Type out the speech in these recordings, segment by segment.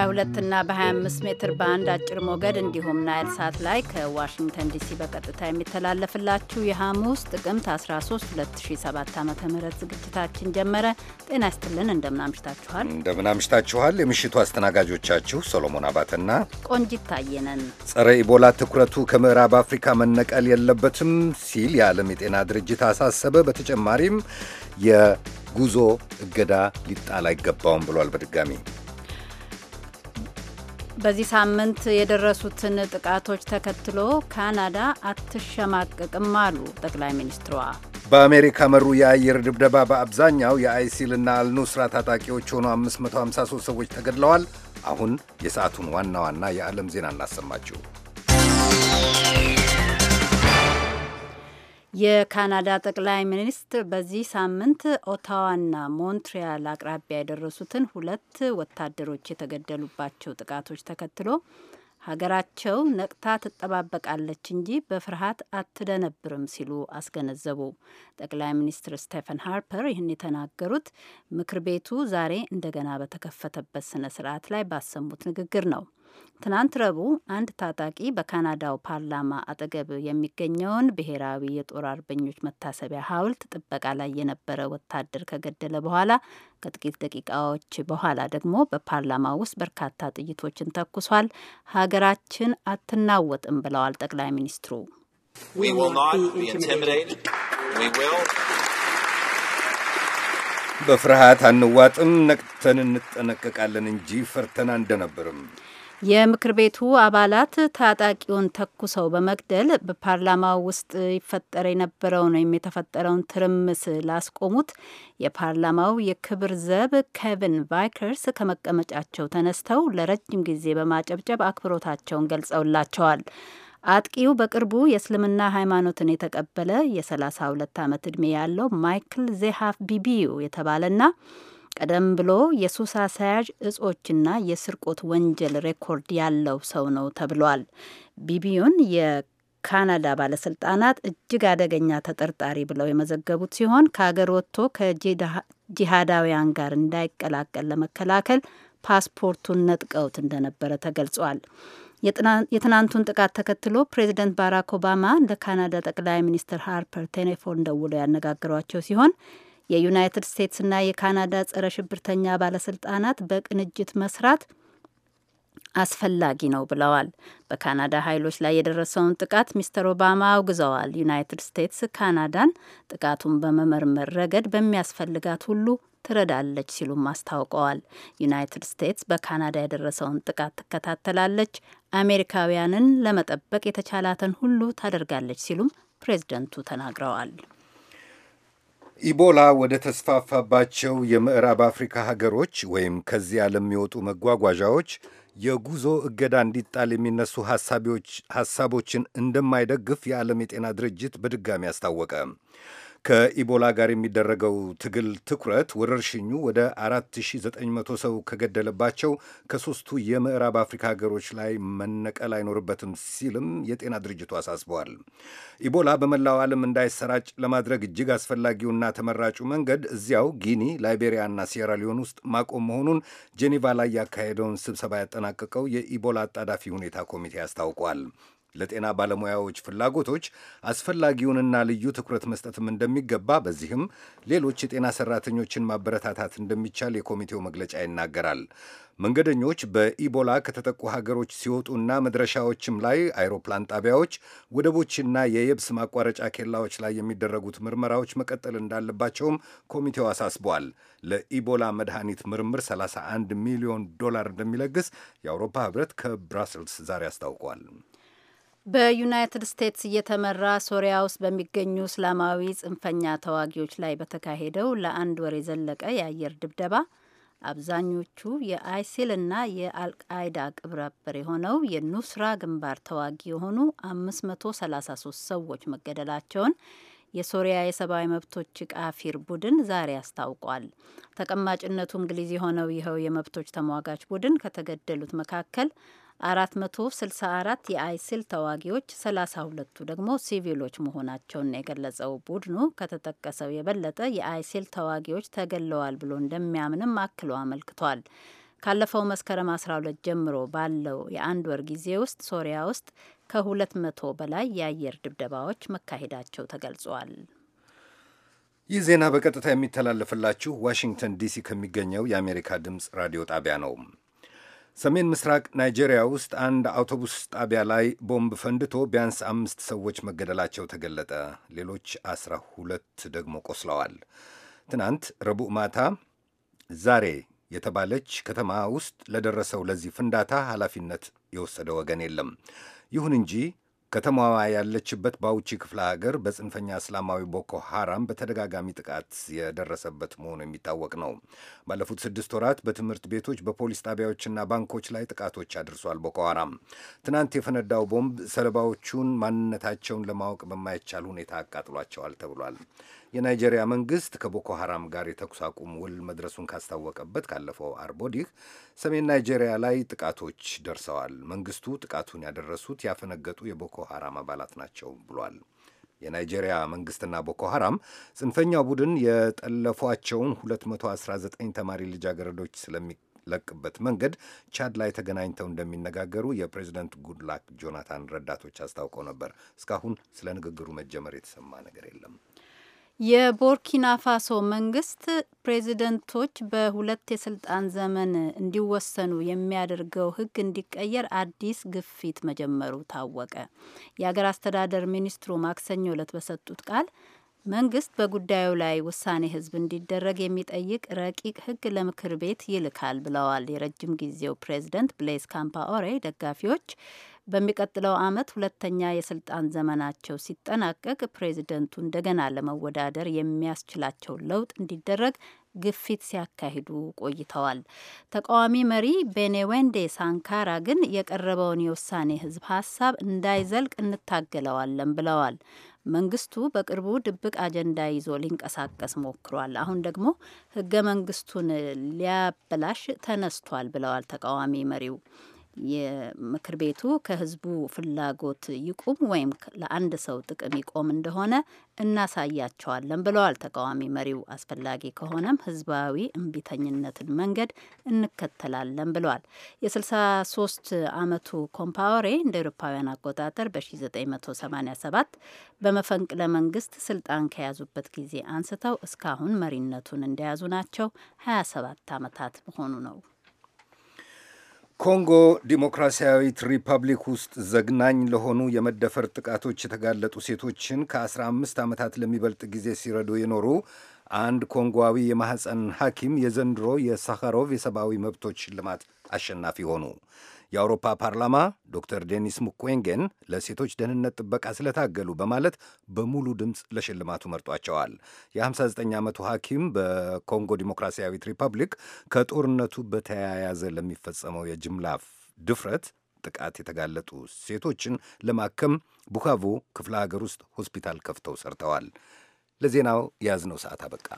በ22 ና በ25 ሜትር ባንድ አጭር ሞገድ እንዲሁም ናይል ሳት ላይ ከዋሽንግተን ዲሲ በቀጥታ የሚተላለፍላችሁ የሐሙስ ጥቅምት 13 2007 ዓ ም ዝግጅታችን ጀመረ። ጤና ይስጥልን። እንደምናምሽታችኋል እንደምናምሽታችኋል። የምሽቱ አስተናጋጆቻችሁ ሶሎሞን አባተና ቆንጂት ታየ ጸረ ኢቦላ ትኩረቱ ከምዕራብ አፍሪካ መነቀል የለበትም ሲል የዓለም የጤና ድርጅት አሳሰበ። በተጨማሪም የጉዞ እገዳ ሊጣል አይገባውም ብሏል። በድጋሚ በዚህ ሳምንት የደረሱትን ጥቃቶች ተከትሎ ካናዳ አትሸማቀቅም አሉ ጠቅላይ ሚኒስትሯ። በአሜሪካ መሩ የአየር ድብደባ በአብዛኛው የአይሲልና አልኑስራ ታጣቂዎች ሆኖ 553 ሰዎች ተገድለዋል። አሁን የሰዓቱን ዋና ዋና የዓለም ዜና እናሰማችሁ። የካናዳ ጠቅላይ ሚኒስትር በዚህ ሳምንት ኦታዋና ሞንትሪያል አቅራቢያ የደረሱትን ሁለት ወታደሮች የተገደሉባቸው ጥቃቶች ተከትሎ ሀገራቸው ነቅታ ትጠባበቃለች እንጂ በፍርሃት አትደነብርም ሲሉ አስገነዘቡ። ጠቅላይ ሚኒስትር ስቴፈን ሃርፐር ይህን የተናገሩት ምክር ቤቱ ዛሬ እንደገና በተከፈተበት ስነ ስርዓት ላይ ባሰሙት ንግግር ነው። ትናንት ረቡዕ አንድ ታጣቂ በካናዳው ፓርላማ አጠገብ የሚገኘውን ብሔራዊ የጦር አርበኞች መታሰቢያ ሐውልት ጥበቃ ላይ የነበረ ወታደር ከገደለ በኋላ ከጥቂት ደቂቃዎች በኋላ ደግሞ በፓርላማ ውስጥ በርካታ ጥይቶችን ተኩሷል። ሀገራችን አትናወጥም ብለዋል ጠቅላይ ሚኒስትሩ። በፍርሃት አንዋጥም፣ ነቅተን እንጠነቀቃለን እንጂ ፈርተን አንደነብርም። የምክር ቤቱ አባላት ታጣቂውን ተኩሰው በመግደል በፓርላማው ውስጥ ይፈጠር የነበረውን ወይም የተፈጠረውን ትርምስ ላስቆሙት የፓርላማው የክብር ዘብ ኬቪን ቫይከርስ ከመቀመጫቸው ተነስተው ለረጅም ጊዜ በማጨብጨብ አክብሮታቸውን ገልጸውላቸዋል። አጥቂው በቅርቡ የእስልምና ሃይማኖትን የተቀበለ የ32 ዓመት ዕድሜ ያለው ማይክል ዜሃፍ ቢቢዩ የተባለና ቀደም ብሎ የሱስ አሳያዥ እጾችና የስርቆት ወንጀል ሬኮርድ ያለው ሰው ነው ተብሏል። ቢቢዩን የካናዳ ባለስልጣናት እጅግ አደገኛ ተጠርጣሪ ብለው የመዘገቡት ሲሆን ከሀገር ወጥቶ ከጂሃዳውያን ጋር እንዳይቀላቀል ለመከላከል ፓስፖርቱን ነጥቀውት እንደነበረ ተገልጿል። የትናንቱን ጥቃት ተከትሎ ፕሬዚደንት ባራክ ኦባማ ለካናዳ ጠቅላይ ሚኒስትር ሃርፐር ቴሌፎን ደውለው ያነጋግሯቸው ሲሆን የዩናይትድ ስቴትስና የካናዳ ጸረ ሽብርተኛ ባለስልጣናት በቅንጅት መስራት አስፈላጊ ነው ብለዋል። በካናዳ ኃይሎች ላይ የደረሰውን ጥቃት ሚስተር ኦባማ አውግዘዋል። ዩናይትድ ስቴትስ ካናዳን ጥቃቱን በመመርመር ረገድ በሚያስፈልጋት ሁሉ ትረዳለች ሲሉም አስታውቀዋል። ዩናይትድ ስቴትስ በካናዳ የደረሰውን ጥቃት ትከታተላለች፣ አሜሪካውያንን ለመጠበቅ የተቻላትን ሁሉ ታደርጋለች ሲሉም ፕሬዝደንቱ ተናግረዋል። ኢቦላ ወደ ተስፋፋባቸው የምዕራብ አፍሪካ ሀገሮች ወይም ከዚያ ለሚወጡ መጓጓዣዎች የጉዞ እገዳ እንዲጣል የሚነሱ ሐሳቦችን እንደማይደግፍ የዓለም የጤና ድርጅት በድጋሚ አስታወቀ። ከኢቦላ ጋር የሚደረገው ትግል ትኩረት ወረርሽኙ ወደ 4900 ሰው ከገደለባቸው ከሦስቱ የምዕራብ አፍሪካ ሀገሮች ላይ መነቀል አይኖርበትም ሲልም የጤና ድርጅቱ አሳስበዋል። ኢቦላ በመላው ዓለም እንዳይሰራጭ ለማድረግ እጅግ አስፈላጊውና ተመራጩ መንገድ እዚያው ጊኒ፣ ላይቤሪያና ሴራሊዮን ውስጥ ማቆም መሆኑን ጄኔቫ ላይ ያካሄደውን ስብሰባ ያጠናቀቀው የኢቦላ አጣዳፊ ሁኔታ ኮሚቴ አስታውቋል። ለጤና ባለሙያዎች ፍላጎቶች አስፈላጊውንና ልዩ ትኩረት መስጠትም እንደሚገባ በዚህም ሌሎች የጤና ሰራተኞችን ማበረታታት እንደሚቻል የኮሚቴው መግለጫ ይናገራል። መንገደኞች በኢቦላ ከተጠቁ ሀገሮች ሲወጡና መድረሻዎችም ላይ አይሮፕላን ጣቢያዎች፣ ወደቦችና የየብስ ማቋረጫ ኬላዎች ላይ የሚደረጉት ምርመራዎች መቀጠል እንዳለባቸውም ኮሚቴው አሳስቧል። ለኢቦላ መድኃኒት ምርምር 31 ሚሊዮን ዶላር እንደሚለግስ የአውሮፓ ህብረት ከብራስልስ ዛሬ አስታውቋል። በዩናይትድ ስቴትስ እየተመራ ሶሪያ ውስጥ በሚገኙ እስላማዊ ጽንፈኛ ተዋጊዎች ላይ በተካሄደው ለአንድ ወር የዘለቀ የአየር ድብደባ አብዛኞቹ የአይሲል እና የአልቃይዳ ቅብረበር የሆነው የኑስራ ግንባር ተዋጊ የሆኑ 533 ሰዎች መገደላቸውን የሶሪያ የሰብአዊ መብቶች ቃፊር ቡድን ዛሬ አስታውቋል። ተቀማጭነቱ እንግሊዝ የሆነው ይኸው የመብቶች ተሟጋች ቡድን ከተገደሉት መካከል 464 የአይሲል ተዋጊዎች 32ቱ ደግሞ ሲቪሎች መሆናቸውን የገለጸው ቡድኑ ከተጠቀሰው የበለጠ የአይሲል ተዋጊዎች ተገለዋል ብሎ እንደሚያምንም አክሎ አመልክቷል። ካለፈው መስከረም 12 ጀምሮ ባለው የአንድ ወር ጊዜ ውስጥ ሶሪያ ውስጥ ከ200 በላይ የአየር ድብደባዎች መካሄዳቸው ተገልጿል። ይህ ዜና በቀጥታ የሚተላለፍላችሁ ዋሽንግተን ዲሲ ከሚገኘው የአሜሪካ ድምፅ ራዲዮ ጣቢያ ነው። ሰሜን ምስራቅ ናይጄሪያ ውስጥ አንድ አውቶቡስ ጣቢያ ላይ ቦምብ ፈንድቶ ቢያንስ አምስት ሰዎች መገደላቸው ተገለጠ። ሌሎች አስራ ሁለት ደግሞ ቆስለዋል። ትናንት ረቡዕ ማታ ዛሬ የተባለች ከተማ ውስጥ ለደረሰው ለዚህ ፍንዳታ ኃላፊነት የወሰደ ወገን የለም። ይሁን እንጂ ከተማዋ ያለችበት ባውቺ ክፍለ ሀገር በጽንፈኛ እስላማዊ ቦኮ ሐራም በተደጋጋሚ ጥቃት የደረሰበት መሆኑ የሚታወቅ ነው። ባለፉት ስድስት ወራት በትምህርት ቤቶች፣ በፖሊስ ጣቢያዎችና ባንኮች ላይ ጥቃቶች አድርሷል። ቦኮ ሐራም ትናንት የፈነዳው ቦምብ ሰለባዎቹን ማንነታቸውን ለማወቅ በማይቻል ሁኔታ አቃጥሏቸዋል ተብሏል። የናይጄሪያ መንግስት ከቦኮ ሐራም ጋር የተኩስ አቁም ውል መድረሱን ካስታወቀበት ካለፈው አርብ ወዲህ ሰሜን ናይጄሪያ ላይ ጥቃቶች ደርሰዋል። መንግስቱ ጥቃቱን ያደረሱት ያፈነገጡ የቦኮ ሐራም አባላት ናቸው ብሏል። የናይጄሪያ መንግስትና ቦኮ ሐራም ጽንፈኛው ቡድን የጠለፏቸውን 219 ተማሪ ልጃገረዶች ስለሚለቅበት መንገድ ቻድ ላይ ተገናኝተው እንደሚነጋገሩ የፕሬዚደንት ጉድላክ ጆናታን ረዳቶች አስታውቀው ነበር። እስካሁን ስለ ንግግሩ መጀመር የተሰማ ነገር የለም። የቦርኪና ፋሶ መንግስት ፕሬዚደንቶች በሁለት የስልጣን ዘመን እንዲወሰኑ የሚያደርገው ህግ እንዲቀየር አዲስ ግፊት መጀመሩ ታወቀ። የሀገር አስተዳደር ሚኒስትሩ ማክሰኞ ለት በሰጡት ቃል መንግስት በጉዳዩ ላይ ውሳኔ ህዝብ እንዲደረግ የሚጠይቅ ረቂቅ ህግ ለምክር ቤት ይልካል ብለዋል። የረጅም ጊዜው ፕሬዚደንት ብሌዝ ካምፓኦሬ ደጋፊዎች በሚቀጥለው ዓመት ሁለተኛ የስልጣን ዘመናቸው ሲጠናቀቅ ፕሬዚደንቱ እንደገና ለመወዳደር የሚያስችላቸው ለውጥ እንዲደረግ ግፊት ሲያካሂዱ ቆይተዋል። ተቃዋሚ መሪ ቤኔዌንዴ ሳንካራ ግን የቀረበውን የውሳኔ ህዝብ ሀሳብ እንዳይዘልቅ እንታገለዋለን ብለዋል። መንግስቱ በቅርቡ ድብቅ አጀንዳ ይዞ ሊንቀሳቀስ ሞክሯል። አሁን ደግሞ ህገ መንግስቱን ሊያበላሽ ተነስቷል ብለዋል ተቃዋሚ መሪው የምክር ቤቱ ከህዝቡ ፍላጎት ይቁም ወይም ለአንድ ሰው ጥቅም ይቆም እንደሆነ እናሳያቸዋለን ብለዋል ተቃዋሚ መሪው። አስፈላጊ ከሆነም ህዝባዊ እምቢተኝነትን መንገድ እንከተላለን ብለዋል። የ63 ዓመቱ ኮምፓወሬ እንደ ኤሮፓውያን አቆጣጠር በ1987 በመፈንቅለ መንግስት ስልጣን ከያዙበት ጊዜ አንስተው እስካሁን መሪነቱን እንደያዙ ናቸው። 27 ዓመታት መሆኑ ነው። ኮንጎ ዲሞክራሲያዊት ሪፐብሊክ ውስጥ ዘግናኝ ለሆኑ የመደፈር ጥቃቶች የተጋለጡ ሴቶችን ከ15 ዓመታት ለሚበልጥ ጊዜ ሲረዱ የኖሩ አንድ ኮንጓዊ የማህፀን ሐኪም የዘንድሮ የሳኻሮቭ የሰብአዊ መብቶች ሽልማት አሸናፊ ሆኑ። የአውሮፓ ፓርላማ ዶክተር ዴኒስ ሙኮንጌን ለሴቶች ደህንነት ጥበቃ ስለታገሉ በማለት በሙሉ ድምፅ ለሽልማቱ መርጧቸዋል። የ59 ዓመቱ ሐኪም በኮንጎ ዲሞክራሲያዊት ሪፐብሊክ ከጦርነቱ በተያያዘ ለሚፈጸመው የጅምላ ድፍረት ጥቃት የተጋለጡ ሴቶችን ለማከም ቡካቮ ክፍለ ሀገር ውስጥ ሆስፒታል ከፍተው ሰርተዋል። ለዜናው የያዝነው ሰዓት አበቃ።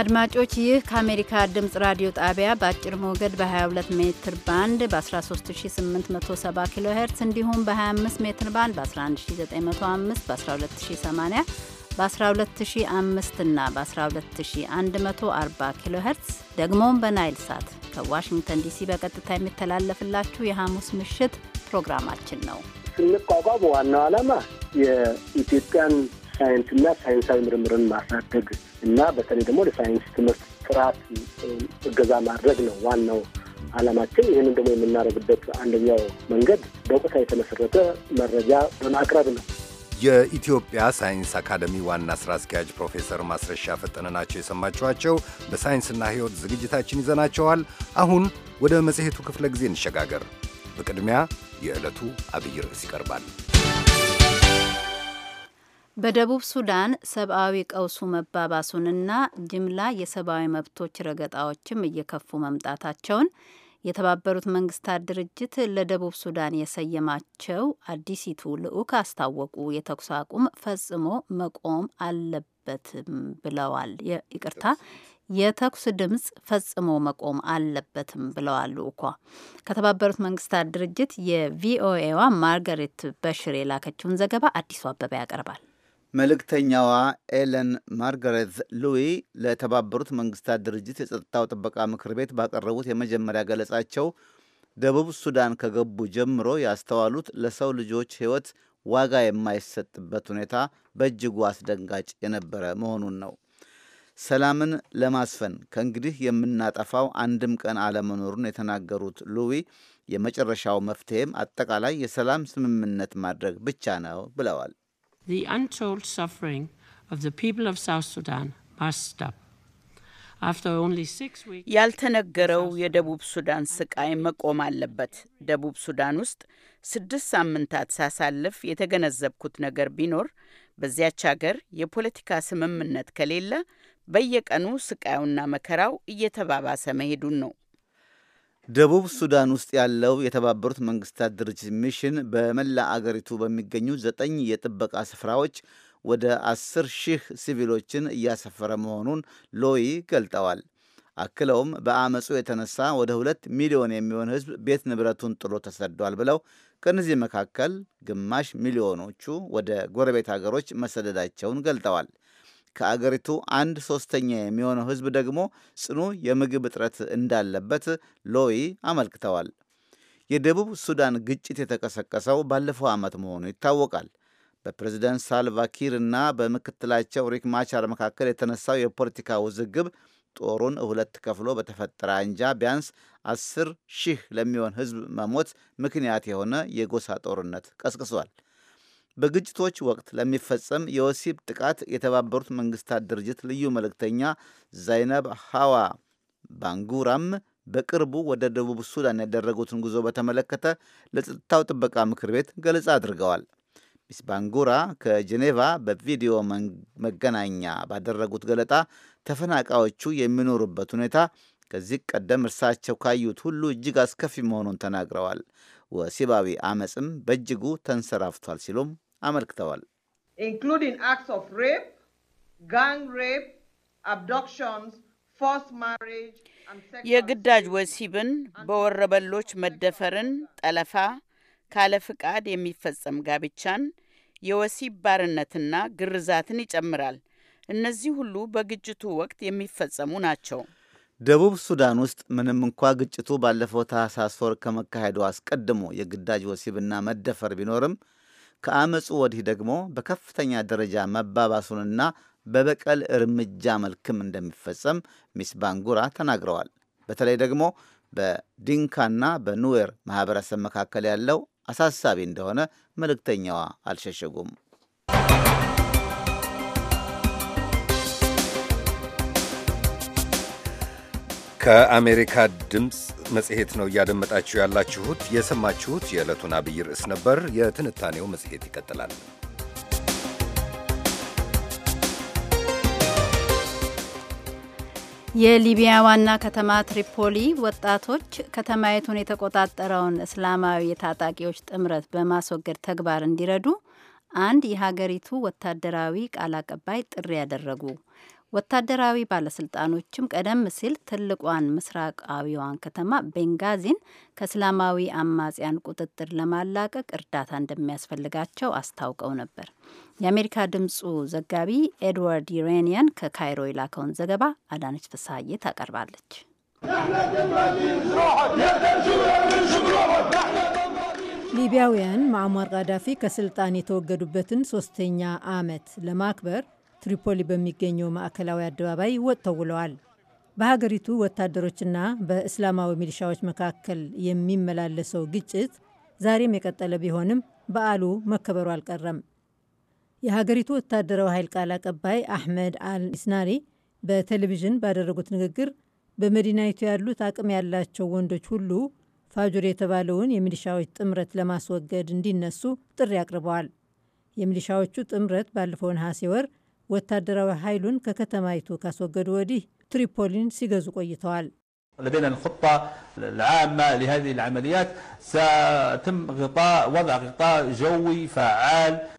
አድማጮች ይህ ከአሜሪካ ድምጽ ራዲዮ ጣቢያ በአጭር ሞገድ በ22 ሜትር ባንድ በ13870 ኪሎ ሄርትስ እንዲሁም በ25 ሜትር ባንድ በ11905 በ12080 በ12005 እና በ12140 ኪሎ ሄርትስ ደግሞም በናይል ሳት ከዋሽንግተን ዲሲ በቀጥታ የሚተላለፍላችሁ የሐሙስ ምሽት ፕሮግራማችን ነው። ስንቋቋም ዋናው ዓላማ የኢትዮጵያን ሳይንስና ሳይንሳዊ ምርምርን ማሳደግ እና በተለይ ደግሞ ለሳይንስ ትምህርት ጥራት እገዛ ማድረግ ነው ዋናው አላማችን። ይህንን ደግሞ የምናደርግበት አንደኛው መንገድ በእውቀት የተመሰረተ መረጃ በማቅረብ ነው። የኢትዮጵያ ሳይንስ አካደሚ ዋና ስራ አስኪያጅ ፕሮፌሰር ማስረሻ ፈጠነ ናቸው የሰማችኋቸው። በሳይንስና ሕይወት ዝግጅታችን ይዘናቸዋል። አሁን ወደ መጽሔቱ ክፍለ ጊዜ እንሸጋገር። በቅድሚያ የዕለቱ አብይ ርዕስ ይቀርባል። በደቡብ ሱዳን ሰብአዊ ቀውሱ መባባሱንና ጅምላ የሰብአዊ መብቶች ረገጣዎችም እየከፉ መምጣታቸውን የተባበሩት መንግስታት ድርጅት ለደቡብ ሱዳን የሰየማቸው አዲሲቱ ልዑክ አስታወቁ። የተኩስ አቁም ፈጽሞ መቆም አለበትም ብለዋል። ይቅርታ፣ የተኩስ ድምፅ ፈጽሞ መቆም አለበትም ብለዋል። ልዑኳ ከተባበሩት መንግስታት ድርጅት የቪኦኤዋ ማርገሬት በሽር የላከችውን ዘገባ አዲሱ አበበ ያቀርባል። መልእክተኛዋ ኤለን ማርጋሬት ሉዊ ለተባበሩት መንግስታት ድርጅት የጸጥታው ጥበቃ ምክር ቤት ባቀረቡት የመጀመሪያ ገለጻቸው ደቡብ ሱዳን ከገቡ ጀምሮ ያስተዋሉት ለሰው ልጆች ሕይወት ዋጋ የማይሰጥበት ሁኔታ በእጅጉ አስደንጋጭ የነበረ መሆኑን ነው። ሰላምን ለማስፈን ከእንግዲህ የምናጠፋው አንድም ቀን አለመኖሩን የተናገሩት ሉዊ የመጨረሻው መፍትሔም አጠቃላይ የሰላም ስምምነት ማድረግ ብቻ ነው ብለዋል። The untold suffering of the people of South Sudan must stop. ያልተነገረው የደቡብ ሱዳን ስቃይ መቆም አለበት። ደቡብ ሱዳን ውስጥ ስድስት ሳምንታት ሳሳልፍ የተገነዘብኩት ነገር ቢኖር በዚያች ሀገር የፖለቲካ ስምምነት ከሌለ በየቀኑ ስቃዩና መከራው እየተባባሰ መሄዱን ነው። ደቡብ ሱዳን ውስጥ ያለው የተባበሩት መንግስታት ድርጅት ሚሽን በመላ አገሪቱ በሚገኙ ዘጠኝ የጥበቃ ስፍራዎች ወደ አስር ሺህ ሲቪሎችን እያሰፈረ መሆኑን ሎይ ገልጠዋል። አክለውም በአመፁ የተነሳ ወደ ሁለት ሚሊዮን የሚሆን ህዝብ ቤት ንብረቱን ጥሎ ተሰዷል ብለው ከእነዚህ መካከል ግማሽ ሚሊዮኖቹ ወደ ጎረቤት አገሮች መሰደዳቸውን ገልጠዋል። ከአገሪቱ አንድ ሶስተኛ የሚሆነው ህዝብ ደግሞ ጽኑ የምግብ እጥረት እንዳለበት ሎይ አመልክተዋል። የደቡብ ሱዳን ግጭት የተቀሰቀሰው ባለፈው ዓመት መሆኑ ይታወቃል። በፕሬዝደንት ሳልቫኪር እና በምክትላቸው ሪክ ማቻር መካከል የተነሳው የፖለቲካ ውዝግብ ጦሩን ሁለት ከፍሎ በተፈጠረ አንጃ ቢያንስ አስር ሺህ ለሚሆን ህዝብ መሞት ምክንያት የሆነ የጎሳ ጦርነት ቀስቅሷል። በግጭቶች ወቅት ለሚፈጸም የወሲብ ጥቃት የተባበሩት መንግስታት ድርጅት ልዩ መልእክተኛ ዛይነብ ሐዋ ባንጉራም በቅርቡ ወደ ደቡብ ሱዳን ያደረጉትን ጉዞ በተመለከተ ለጸጥታው ጥበቃ ምክር ቤት ገለጻ አድርገዋል። ሚስ ባንጉራ ከጄኔቫ በቪዲዮ መገናኛ ባደረጉት ገለጣ ተፈናቃዮቹ የሚኖሩበት ሁኔታ ከዚህ ቀደም እርሳቸው ካዩት ሁሉ እጅግ አስከፊ መሆኑን ተናግረዋል። ወሲባዊ አመፅም በእጅጉ ተንሰራፍቷል ሲሉም አመልክተዋል። ኢንክሉዲንግ አክትስ ኦፍ ሬፕ፣ ጋንግ ሬፕ፣ አብዶክሽንስ የግዳጅ ወሲብን፣ በወረበሎች መደፈርን፣ ጠለፋ፣ ካለ ፍቃድ የሚፈጸም ጋብቻን፣ የወሲብ ባርነትና ግርዛትን ይጨምራል። እነዚህ ሁሉ በግጭቱ ወቅት የሚፈጸሙ ናቸው። ደቡብ ሱዳን ውስጥ ምንም እንኳ ግጭቱ ባለፈው ታህሳስ ወር ከመካሄዱ አስቀድሞ የግዳጅ ወሲብና መደፈር ቢኖርም ከአመፁ ወዲህ ደግሞ በከፍተኛ ደረጃ መባባሱንና በበቀል እርምጃ መልክም እንደሚፈጸም ሚስ ባንጉራ ተናግረዋል። በተለይ ደግሞ በዲንካና በኑዌር ማህበረሰብ መካከል ያለው አሳሳቢ እንደሆነ መልእክተኛዋ አልሸሸጉም። ከአሜሪካ ድምፅ መጽሔት ነው እያደመጣችሁ ያላችሁት። የሰማችሁት የዕለቱን አብይ ርዕስ ነበር። የትንታኔው መጽሔት ይቀጥላል። የሊቢያ ዋና ከተማ ትሪፖሊ ወጣቶች ከተማይቱን የተቆጣጠረውን እስላማዊ የታጣቂዎች ጥምረት በማስወገድ ተግባር እንዲረዱ አንድ የሀገሪቱ ወታደራዊ ቃል አቀባይ ጥሪ ያደረጉ ወታደራዊ ባለስልጣኖችም ቀደም ሲል ትልቋን ምስራቃዊዋን ከተማ ቤንጋዚን ከእስላማዊ አማጽያን ቁጥጥር ለማላቀቅ እርዳታ እንደሚያስፈልጋቸው አስታውቀው ነበር። የአሜሪካ ድምጹ ዘጋቢ ኤድዋርድ ዩሬኒያን ከካይሮ የላከውን ዘገባ አዳነች ፍሳሐዬ ታቀርባለች። ሊቢያውያን ማዕሟር ቀዳፊ ከስልጣን የተወገዱበትን ሶስተኛ ዓመት ለማክበር ትሪፖሊ በሚገኘው ማዕከላዊ አደባባይ ወጥተው ውለዋል። በሀገሪቱ ወታደሮችና በእስላማዊ ሚሊሻዎች መካከል የሚመላለሰው ግጭት ዛሬም የቀጠለ ቢሆንም በዓሉ መከበሩ አልቀረም። የሀገሪቱ ወታደራዊ ኃይል ቃል አቀባይ አሕመድ አልኢስናሪ በቴሌቪዥን ባደረጉት ንግግር በመዲናይቱ ያሉት አቅም ያላቸው ወንዶች ሁሉ ፋጁር የተባለውን የሚሊሻዎች ጥምረት ለማስወገድ እንዲነሱ ጥሪ አቅርበዋል። የሚሊሻዎቹ ጥምረት ባለፈው ነሐሴ ወር ወታደራዊ ኃይሉን ከከተማይቱ ካስወገዱ ወዲህ ትሪፖሊን ሲገዙ ቆይተዋል።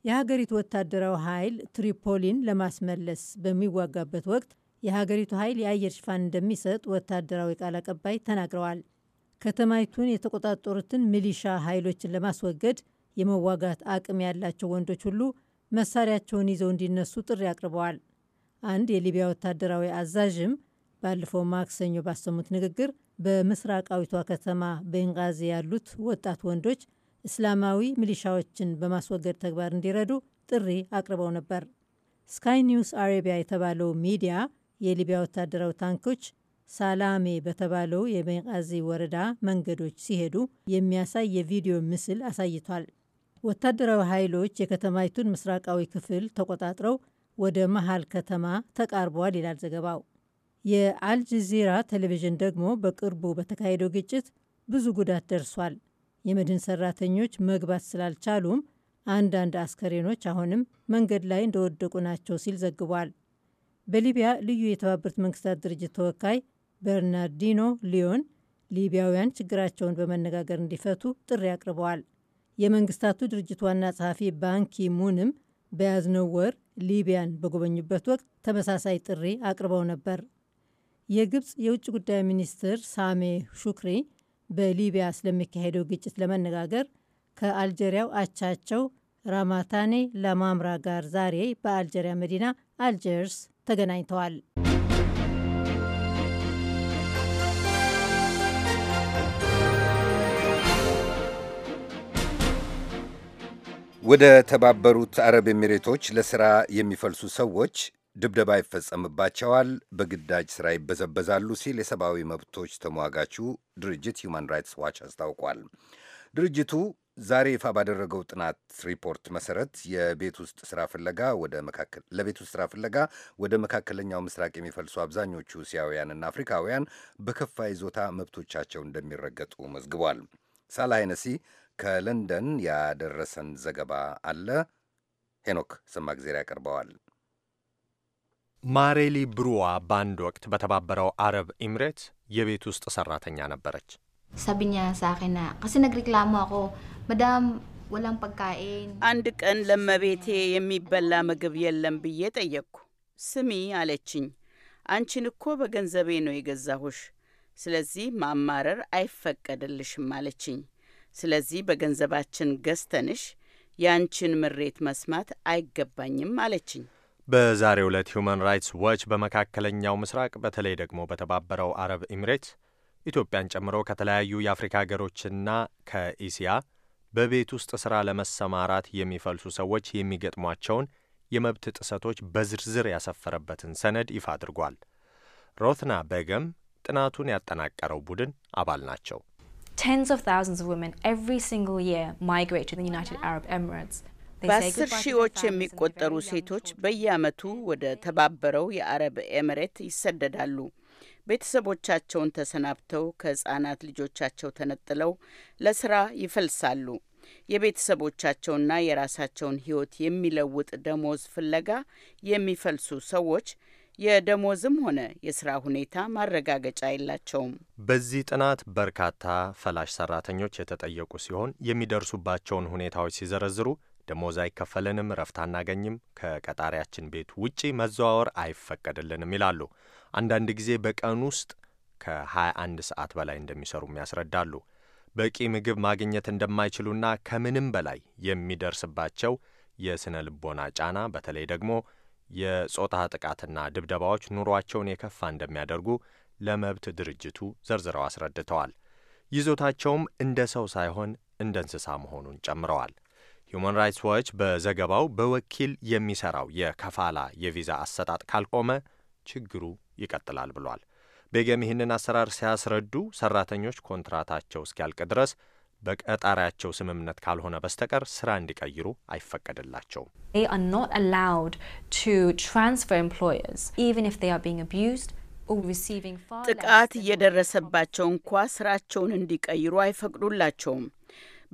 የሀገሪቱ ወታደራዊ ኃይል ትሪፖሊን ለማስመለስ በሚዋጋበት ወቅት የሀገሪቱ ኃይል የአየር ሽፋን እንደሚሰጥ ወታደራዊ ቃል አቀባይ ተናግረዋል። ከተማይቱን የተቆጣጠሩትን ሚሊሻ ኃይሎችን ለማስወገድ የመዋጋት አቅም ያላቸው ወንዶች ሁሉ መሳሪያቸውን ይዘው እንዲነሱ ጥሪ አቅርበዋል። አንድ የሊቢያ ወታደራዊ አዛዥም ባለፈው ማክሰኞ ባሰሙት ንግግር በምስራቃዊቷ ከተማ ቤንጋዚ ያሉት ወጣት ወንዶች እስላማዊ ሚሊሻዎችን በማስወገድ ተግባር እንዲረዱ ጥሪ አቅርበው ነበር። ስካይ ኒውስ አሬቢያ የተባለው ሚዲያ የሊቢያ ወታደራዊ ታንኮች ሳላሜ በተባለው የቤንጋዚ ወረዳ መንገዶች ሲሄዱ የሚያሳይ የቪዲዮ ምስል አሳይቷል። ወታደራዊ ኃይሎች የከተማይቱን ምስራቃዊ ክፍል ተቆጣጥረው ወደ መሃል ከተማ ተቃርበዋል ይላል ዘገባው። የአልጀዚራ ቴሌቪዥን ደግሞ በቅርቡ በተካሄደው ግጭት ብዙ ጉዳት ደርሷል፣ የመድን ሰራተኞች መግባት ስላልቻሉም አንዳንድ አስከሬኖች አሁንም መንገድ ላይ እንደወደቁ ናቸው ሲል ዘግቧል። በሊቢያ ልዩ የተባበሩት መንግስታት ድርጅት ተወካይ በርናርዲኖ ሊዮን ሊቢያውያን ችግራቸውን በመነጋገር እንዲፈቱ ጥሪ አቅርበዋል። የመንግስታቱ ድርጅት ዋና ጸሐፊ ባንኪ ሙንም በያዝነው ወር ሊቢያን በጎበኙበት ወቅት ተመሳሳይ ጥሪ አቅርበው ነበር። የግብፅ የውጭ ጉዳይ ሚኒስትር ሳሜ ሹክሪ በሊቢያ ስለሚካሄደው ግጭት ለመነጋገር ከአልጀሪያው አቻቸው ራማታኔ ለማምራ ጋር ዛሬ በአልጀሪያ መዲና አልጀርስ ተገናኝተዋል። ወደ ተባበሩት አረብ ኤሚሬቶች ለሥራ የሚፈልሱ ሰዎች ድብደባ ይፈጸምባቸዋል፣ በግዳጅ ሥራ ይበዘበዛሉ ሲል የሰብአዊ መብቶች ተሟጋቹ ድርጅት ሁማን ራይትስ ዋች አስታውቋል። ድርጅቱ ዛሬ ይፋ ባደረገው ጥናት ሪፖርት መሰረት የቤት ውስጥ ስራ ፍለጋ ወደ መካከል ለቤት ውስጥ ስራ ፍለጋ ወደ መካከለኛው ምስራቅ የሚፈልሱ አብዛኞቹ እስያውያንና አፍሪካውያን በከፋ ይዞታ መብቶቻቸው እንደሚረገጡ መዝግቧል። ሳላ አይነሲ ከለንደን ያደረሰን ዘገባ አለ። ሄኖክ ጊዜር ያቀርበዋል። ማሬሊ ብሩዋ በአንድ ወቅት በተባበረው አረብ ኤምሬት የቤት ውስጥ ሰራተኛ ነበረች። አንድ ቀን ለመቤቴ የሚበላ ምግብ የለም ብዬ ጠየቅኩ። ስሚ አለችኝ፣ አንቺን እኮ በገንዘቤ ነው የገዛሁሽ፣ ስለዚህ ማማረር አይፈቀድልሽም አለችኝ። ስለዚህ በገንዘባችን ገዝተንሽ ያንቺን ምሬት መስማት አይገባኝም አለችኝ። በዛሬው ዕለት ሁማን ራይትስ ዋች በመካከለኛው ምስራቅ በተለይ ደግሞ በተባበረው አረብ ኤሚሬትስ ኢትዮጵያን ጨምሮ ከተለያዩ የአፍሪካ ሀገሮችና ከኢሲያ በቤት ውስጥ ሥራ ለመሰማራት የሚፈልሱ ሰዎች የሚገጥሟቸውን የመብት ጥሰቶች በዝርዝር ያሰፈረበትን ሰነድ ይፋ አድርጓል። ሮትና በገም ጥናቱን ያጠናቀረው ቡድን አባል ናቸው። tens of thousands of women every single year migrate to the United Arab Emirates. በአስር ሺዎች የሚቆጠሩ ሴቶች በየዓመቱ ወደ ተባበረው የአረብ ኤምሬት ይሰደዳሉ። ቤተሰቦቻቸውን ተሰናብተው ከሕፃናት ልጆቻቸው ተነጥለው ለስራ ይፈልሳሉ። የቤተሰቦቻቸውና የራሳቸውን ሕይወት የሚለውጥ ደሞዝ ፍለጋ የሚፈልሱ ሰዎች የደሞዝም ሆነ የስራ ሁኔታ ማረጋገጫ የላቸውም። በዚህ ጥናት በርካታ ፈላሽ ሰራተኞች የተጠየቁ ሲሆን የሚደርሱባቸውን ሁኔታዎች ሲዘረዝሩ ደሞዝ አይከፈልንም ረፍት አናገኝም፣ ከቀጣሪያችን ቤት ውጪ መዘዋወር አይፈቀድልንም ይላሉ። አንዳንድ ጊዜ በቀን ውስጥ ከ21 ሰዓት በላይ እንደሚሰሩም ያስረዳሉ። በቂ ምግብ ማግኘት እንደማይችሉና ከምንም በላይ የሚደርስባቸው የስነ ልቦና ጫና በተለይ ደግሞ የጾታ ጥቃትና ድብደባዎች ኑሯቸውን የከፋ እንደሚያደርጉ ለመብት ድርጅቱ ዘርዝረው አስረድተዋል። ይዞታቸውም እንደ ሰው ሳይሆን እንደ እንስሳ መሆኑን ጨምረዋል። ሁማን ራይትስ ዋች በዘገባው በወኪል የሚሰራው የከፋላ የቪዛ አሰጣጥ ካልቆመ ችግሩ ይቀጥላል ብሏል። ቤገም ይህንን አሰራር ሲያስረዱ ሰራተኞች ኮንትራታቸው እስኪያልቅ ድረስ በቀጣሪያቸው ስምምነት ካልሆነ በስተቀር ስራ እንዲቀይሩ አይፈቀድላቸውም። ጥቃት እየደረሰባቸው እንኳ ስራቸውን እንዲቀይሩ አይፈቅዱላቸውም።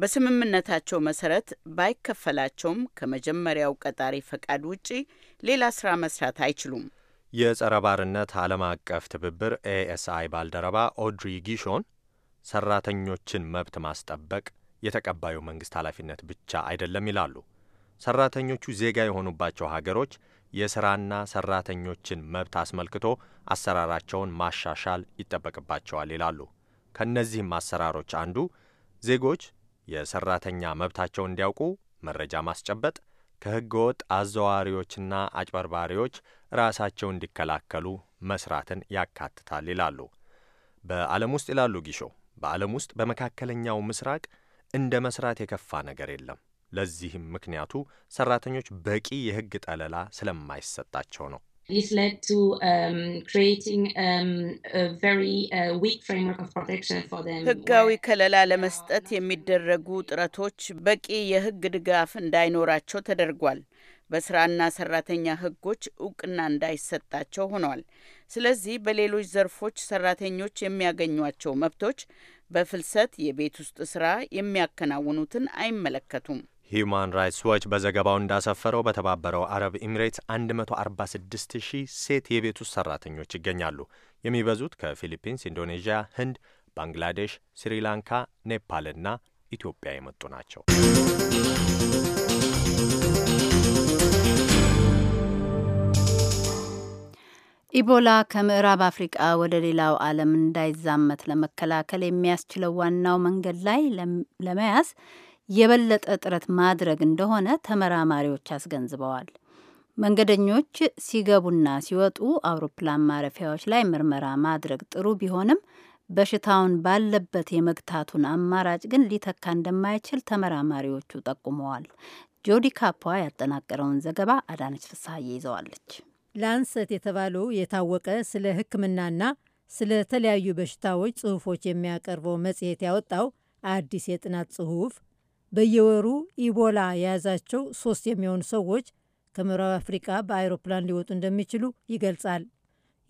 በስምምነታቸው መሰረት ባይከፈላቸውም ከመጀመሪያው ቀጣሪ ፈቃድ ውጪ ሌላ ስራ መስራት አይችሉም። የጸረ ባርነት ዓለም አቀፍ ትብብር ኤኤስአይ ባልደረባ ኦድሪ ጊሾን ሰራተኞችን መብት ማስጠበቅ የተቀባዩ መንግስት ኃላፊነት ብቻ አይደለም ይላሉ። ሰራተኞቹ ዜጋ የሆኑባቸው ሀገሮች የስራና ሰራተኞችን መብት አስመልክቶ አሰራራቸውን ማሻሻል ይጠበቅባቸዋል ይላሉ። ከእነዚህም አሰራሮች አንዱ ዜጎች የሰራተኛ መብታቸውን እንዲያውቁ መረጃ ማስጨበጥ፣ ከህገወጥ አዘዋዋሪዎችና አጭበርባሪዎች ራሳቸው እንዲከላከሉ መስራትን ያካትታል ይላሉ። በዓለም ውስጥ ይላሉ ጊሾ በዓለም ውስጥ በመካከለኛው ምስራቅ እንደ መስራት የከፋ ነገር የለም። ለዚህም ምክንያቱ ሰራተኞች በቂ የህግ ጠለላ ስለማይሰጣቸው ነው። um, um, uh, ህጋዊ ከለላ ለመስጠት የሚደረጉ ጥረቶች በቂ የህግ ድጋፍ እንዳይኖራቸው ተደርጓል። በስራና ሰራተኛ ህጎች እውቅና እንዳይሰጣቸው ሆኗል። ስለዚህ በሌሎች ዘርፎች ሰራተኞች የሚያገኟቸው መብቶች በፍልሰት የቤት ውስጥ ስራ የሚያከናውኑትን አይመለከቱም። ሂዩማን ራይትስ ዎች በዘገባው እንዳሰፈረው በተባበረው አረብ ኤሚሬትስ 146 ሺህ ሴት የቤት ውስጥ ሰራተኞች ይገኛሉ። የሚበዙት ከፊሊፒንስ፣ ኢንዶኔዥያ፣ ህንድ፣ ባንግላዴሽ፣ ስሪላንካ፣ ኔፓልና ኢትዮጵያ የመጡ ናቸው። ኢቦላ ከምዕራብ አፍሪቃ ወደ ሌላው ዓለም እንዳይዛመት ለመከላከል የሚያስችለው ዋናው መንገድ ላይ ለመያዝ የበለጠ ጥረት ማድረግ እንደሆነ ተመራማሪዎች አስገንዝበዋል። መንገደኞች ሲገቡና ሲወጡ አውሮፕላን ማረፊያዎች ላይ ምርመራ ማድረግ ጥሩ ቢሆንም በሽታውን ባለበት የመግታቱን አማራጭ ግን ሊተካ እንደማይችል ተመራማሪዎቹ ጠቁመዋል። ጆዲ ካፖ ያጠናቀረውን ዘገባ አዳነች ፍስሐዬ ይዘዋለች። ላንሰት የተባለው የታወቀ ስለ ሕክምናና ስለ ተለያዩ በሽታዎች ጽሑፎች የሚያቀርበው መጽሔት ያወጣው አዲስ የጥናት ጽሑፍ በየወሩ ኢቦላ የያዛቸው ሶስት የሚሆኑ ሰዎች ከምዕራብ አፍሪቃ በአይሮፕላን ሊወጡ እንደሚችሉ ይገልጻል።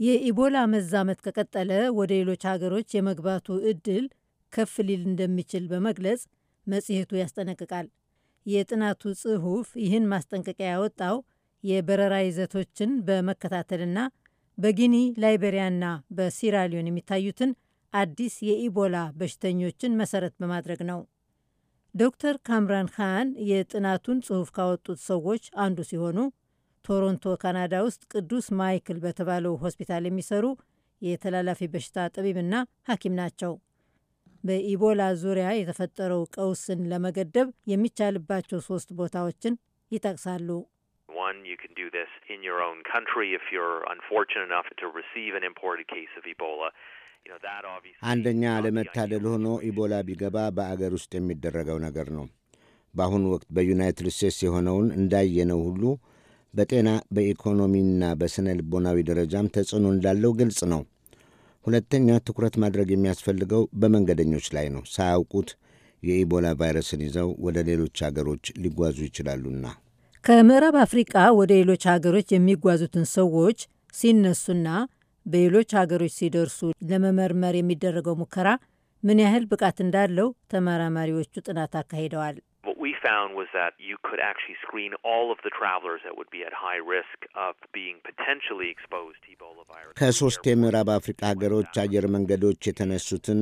የኢቦላ መዛመት ከቀጠለ ወደ ሌሎች ሀገሮች የመግባቱ እድል ከፍ ሊል እንደሚችል በመግለጽ መጽሔቱ ያስጠነቅቃል። የጥናቱ ጽሑፍ ይህን ማስጠንቀቂያ ያወጣው የበረራ ይዘቶችን በመከታተልና በጊኒ ላይቤሪያና በሲራሊዮን የሚታዩትን አዲስ የኢቦላ በሽተኞችን መሰረት በማድረግ ነው። ዶክተር ካምራን ካን የጥናቱን ጽሑፍ ካወጡት ሰዎች አንዱ ሲሆኑ ቶሮንቶ ካናዳ ውስጥ ቅዱስ ማይክል በተባለው ሆስፒታል የሚሰሩ የተላላፊ በሽታ ጠቢብና ሐኪም ናቸው። በኢቦላ ዙሪያ የተፈጠረው ቀውስን ለመገደብ የሚቻልባቸው ሶስት ቦታዎችን ይጠቅሳሉ። in your own country if you're unfortunate enough to receive an imported case of Ebola. አንደኛ ለመታደል ሆኖ ኢቦላ ቢገባ በአገር ውስጥ የሚደረገው ነገር ነው። በአሁኑ ወቅት በዩናይትድ ስቴትስ የሆነውን እንዳየነው ሁሉ በጤና በኢኮኖሚና በሥነ ልቦናዊ ደረጃም ተጽዕኖ እንዳለው ግልጽ ነው። ሁለተኛ ትኩረት ማድረግ የሚያስፈልገው በመንገደኞች ላይ ነው። ሳያውቁት የኢቦላ ቫይረስን ይዘው ወደ ሌሎች አገሮች ሊጓዙ ይችላሉና። ከምዕራብ አፍሪቃ ወደ ሌሎች ሀገሮች የሚጓዙትን ሰዎች ሲነሱና በሌሎች ሀገሮች ሲደርሱ ለመመርመር የሚደረገው ሙከራ ምን ያህል ብቃት እንዳለው ተመራማሪዎቹ ጥናት አካሂደዋል። ከሶስት የምዕራብ አፍሪቃ ሀገሮች አየር መንገዶች የተነሱትን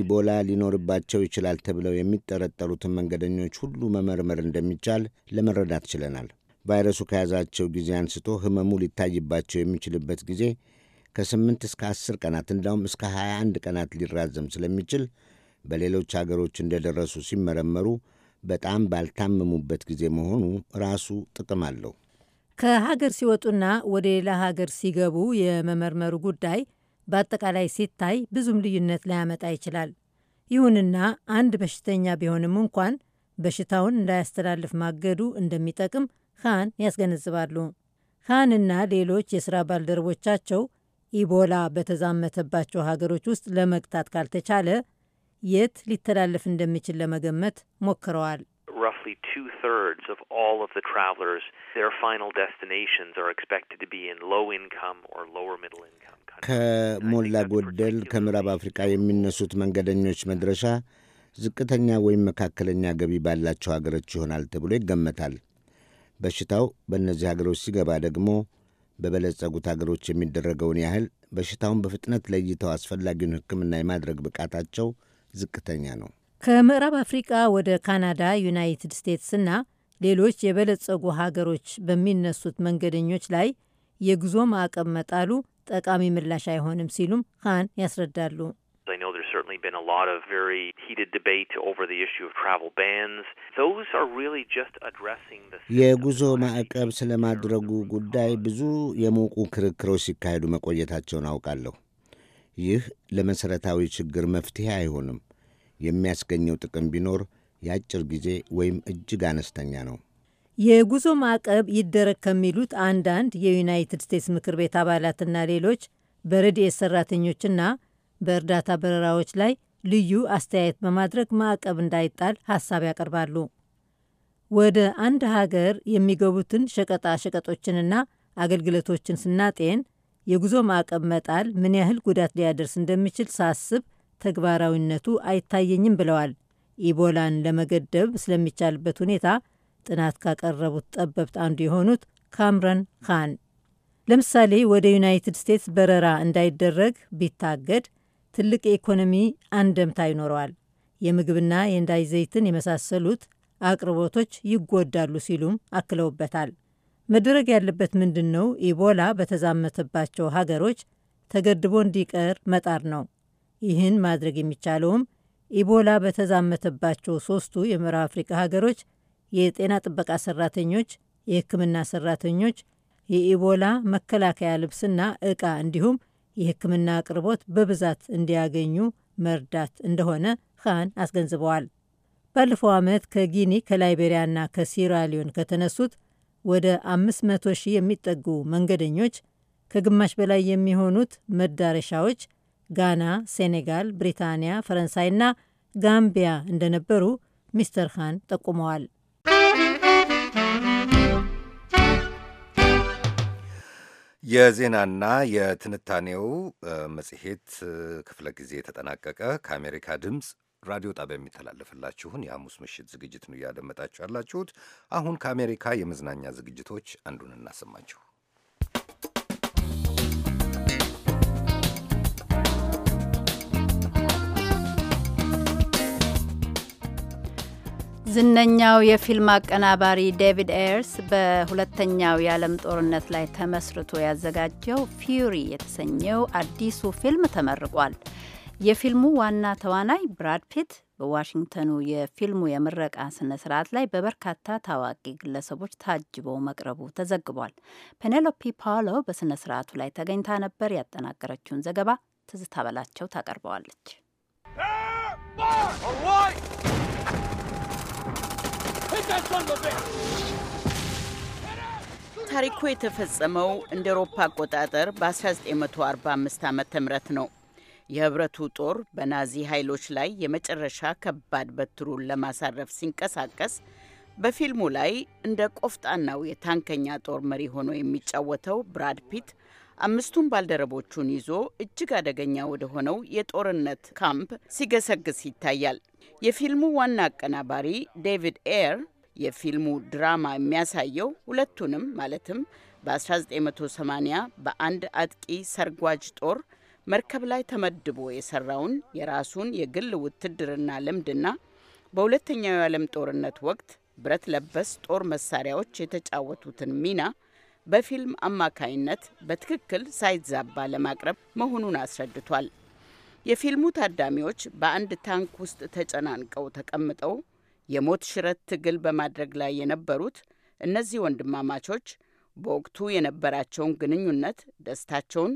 ኢቦላ ሊኖርባቸው ይችላል ተብለው የሚጠረጠሩትን መንገደኞች ሁሉ መመርመር እንደሚቻል ለመረዳት ችለናል። ቫይረሱ ከያዛቸው ጊዜ አንስቶ ህመሙ ሊታይባቸው የሚችልበት ጊዜ ከስምንት እስከ አስር ቀናት እንዳውም እስከ 21 ቀናት ሊራዘም ስለሚችል በሌሎች አገሮች እንደደረሱ ሲመረመሩ በጣም ባልታመሙበት ጊዜ መሆኑ ራሱ ጥቅም አለው። ከሀገር ሲወጡና ወደ ሌላ ሀገር ሲገቡ የመመርመሩ ጉዳይ በአጠቃላይ ሲታይ ብዙም ልዩነት ላያመጣ ይችላል። ይሁንና አንድ በሽተኛ ቢሆንም እንኳን በሽታውን እንዳያስተላልፍ ማገዱ እንደሚጠቅም ካን ያስገነዝባሉ። ካንና ሌሎች የሥራ ባልደረቦቻቸው ኢቦላ በተዛመተባቸው ሀገሮች ውስጥ ለመግታት ካልተቻለ የት ሊተላለፍ እንደሚችል ለመገመት ሞክረዋል። roughly two thirds of all of the travelers, their final destinations are expected to be in low income or lower middle income countries. ከሞላ ጎደል ከምዕራብ አፍሪካ የሚነሱት መንገደኞች መድረሻ ዝቅተኛ ወይም መካከለኛ ገቢ ባላቸው ሀገሮች ይሆናል ተብሎ ይገመታል። በሽታው በእነዚህ ሀገሮች ሲገባ ደግሞ በበለጸጉት ሀገሮች የሚደረገውን ያህል በሽታውን በፍጥነት ለይተው አስፈላጊውን ሕክምና የማድረግ ብቃታቸው ዝቅተኛ ነው። ከምዕራብ አፍሪቃ ወደ ካናዳ፣ ዩናይትድ ስቴትስና ሌሎች የበለጸጉ ሀገሮች በሚነሱት መንገደኞች ላይ የጉዞ ማዕቀብ መጣሉ ጠቃሚ ምላሽ አይሆንም ሲሉም ሀን ያስረዳሉ። የጉዞ ማዕቀብ ስለማድረጉ ጉዳይ ብዙ የሞቁ ክርክሮች ሲካሄዱ መቆየታቸውን አውቃለሁ። ይህ ለመሠረታዊ ችግር መፍትሄ አይሆንም። የሚያስገኘው ጥቅም ቢኖር የአጭር ጊዜ ወይም እጅግ አነስተኛ ነው። የጉዞ ማዕቀብ ይደረግ ከሚሉት አንዳንድ የዩናይትድ ስቴትስ ምክር ቤት አባላትና ሌሎች በረድኤት ሰራተኞችና በእርዳታ በረራዎች ላይ ልዩ አስተያየት በማድረግ ማዕቀብ እንዳይጣል ሀሳብ ያቀርባሉ። ወደ አንድ ሀገር የሚገቡትን ሸቀጣ ሸቀጦችንና አገልግሎቶችን ስናጤን የጉዞ ማዕቀብ መጣል ምን ያህል ጉዳት ሊያደርስ እንደሚችል ሳስብ ተግባራዊነቱ አይታየኝም ብለዋል። ኢቦላን ለመገደብ ስለሚቻልበት ሁኔታ ጥናት ካቀረቡት ጠበብት አንዱ የሆኑት ካምረን ካን ለምሳሌ ወደ ዩናይትድ ስቴትስ በረራ እንዳይደረግ ቢታገድ ትልቅ የኢኮኖሚ አንደምታ ይኖረዋል፣ የምግብና የነዳጅ ዘይትን የመሳሰሉት አቅርቦቶች ይጎዳሉ ሲሉም አክለውበታል። መደረግ ያለበት ምንድን ነው? ኢቦላ በተዛመተባቸው ሀገሮች ተገድቦ እንዲቀር መጣር ነው። ይህን ማድረግ የሚቻለውም ኢቦላ በተዛመተባቸው ሶስቱ የምዕራብ አፍሪካ ሀገሮች የጤና ጥበቃ ሰራተኞች፣ የሕክምና ሰራተኞች የኢቦላ መከላከያ ልብስና ዕቃ እንዲሁም የሕክምና አቅርቦት በብዛት እንዲያገኙ መርዳት እንደሆነ ካን አስገንዝበዋል። ባለፈው ዓመት ከጊኒ ከላይቤሪያና ከሲራሊዮን ከተነሱት ወደ 500 ሺህ የሚጠጉ መንገደኞች ከግማሽ በላይ የሚሆኑት መዳረሻዎች ጋና፣ ሴኔጋል፣ ብሪታንያ፣ ፈረንሳይና ጋምቢያ እንደነበሩ ሚስተር ካን ጠቁመዋል። የዜናና የትንታኔው መጽሔት ክፍለ ጊዜ ተጠናቀቀ። ከአሜሪካ ድምፅ ራዲዮ ጣቢያ የሚተላለፍላችሁን የሐሙስ ምሽት ዝግጅት ነው እያደመጣችሁ ያላችሁት። አሁን ከአሜሪካ የመዝናኛ ዝግጅቶች አንዱን እናሰማችሁ። ዝነኛው የፊልም አቀናባሪ ዴቪድ ኤርስ በሁለተኛው የዓለም ጦርነት ላይ ተመስርቶ ያዘጋጀው ፊውሪ የተሰኘው አዲሱ ፊልም ተመርቋል። የፊልሙ ዋና ተዋናይ ብራድ ፒት በዋሽንግተኑ የፊልሙ የምረቃ ስነ ስርዓት ላይ በበርካታ ታዋቂ ግለሰቦች ታጅቦ መቅረቡ ተዘግቧል። ፔኔሎፒ ፓውሎ በስነ ስርዓቱ ላይ ተገኝታ ነበር። ያጠናቀረችውን ዘገባ ትዝታ በላቸው ታቀርበዋለች። ታሪኩ የተፈጸመው እንደ ኤሮፓ አቆጣጠር በ1945 ዓ ም ነው። የህብረቱ ጦር በናዚ ኃይሎች ላይ የመጨረሻ ከባድ በትሩን ለማሳረፍ ሲንቀሳቀስ በፊልሙ ላይ እንደ ቆፍጣናው የታንከኛ ጦር መሪ ሆኖ የሚጫወተው ብራድ ፒት አምስቱን ባልደረቦቹን ይዞ እጅግ አደገኛ ወደሆነው የጦርነት ካምፕ ሲገሰግስ ይታያል። የፊልሙ ዋና አቀናባሪ ዴቪድ ኤር የፊልሙ ድራማ የሚያሳየው ሁለቱንም ማለትም በ1980 በአንድ አጥቂ ሰርጓጅ ጦር መርከብ ላይ ተመድቦ የሰራውን የራሱን የግል ውትድርና ልምድና በሁለተኛው የዓለም ጦርነት ወቅት ብረት ለበስ ጦር መሳሪያዎች የተጫወቱትን ሚና በፊልም አማካይነት በትክክል ሳይዛባ ለማቅረብ መሆኑን አስረድቷል። የፊልሙ ታዳሚዎች በአንድ ታንክ ውስጥ ተጨናንቀው ተቀምጠው የሞት ሽረት ትግል በማድረግ ላይ የነበሩት እነዚህ ወንድማማቾች በወቅቱ የነበራቸውን ግንኙነት፣ ደስታቸውን፣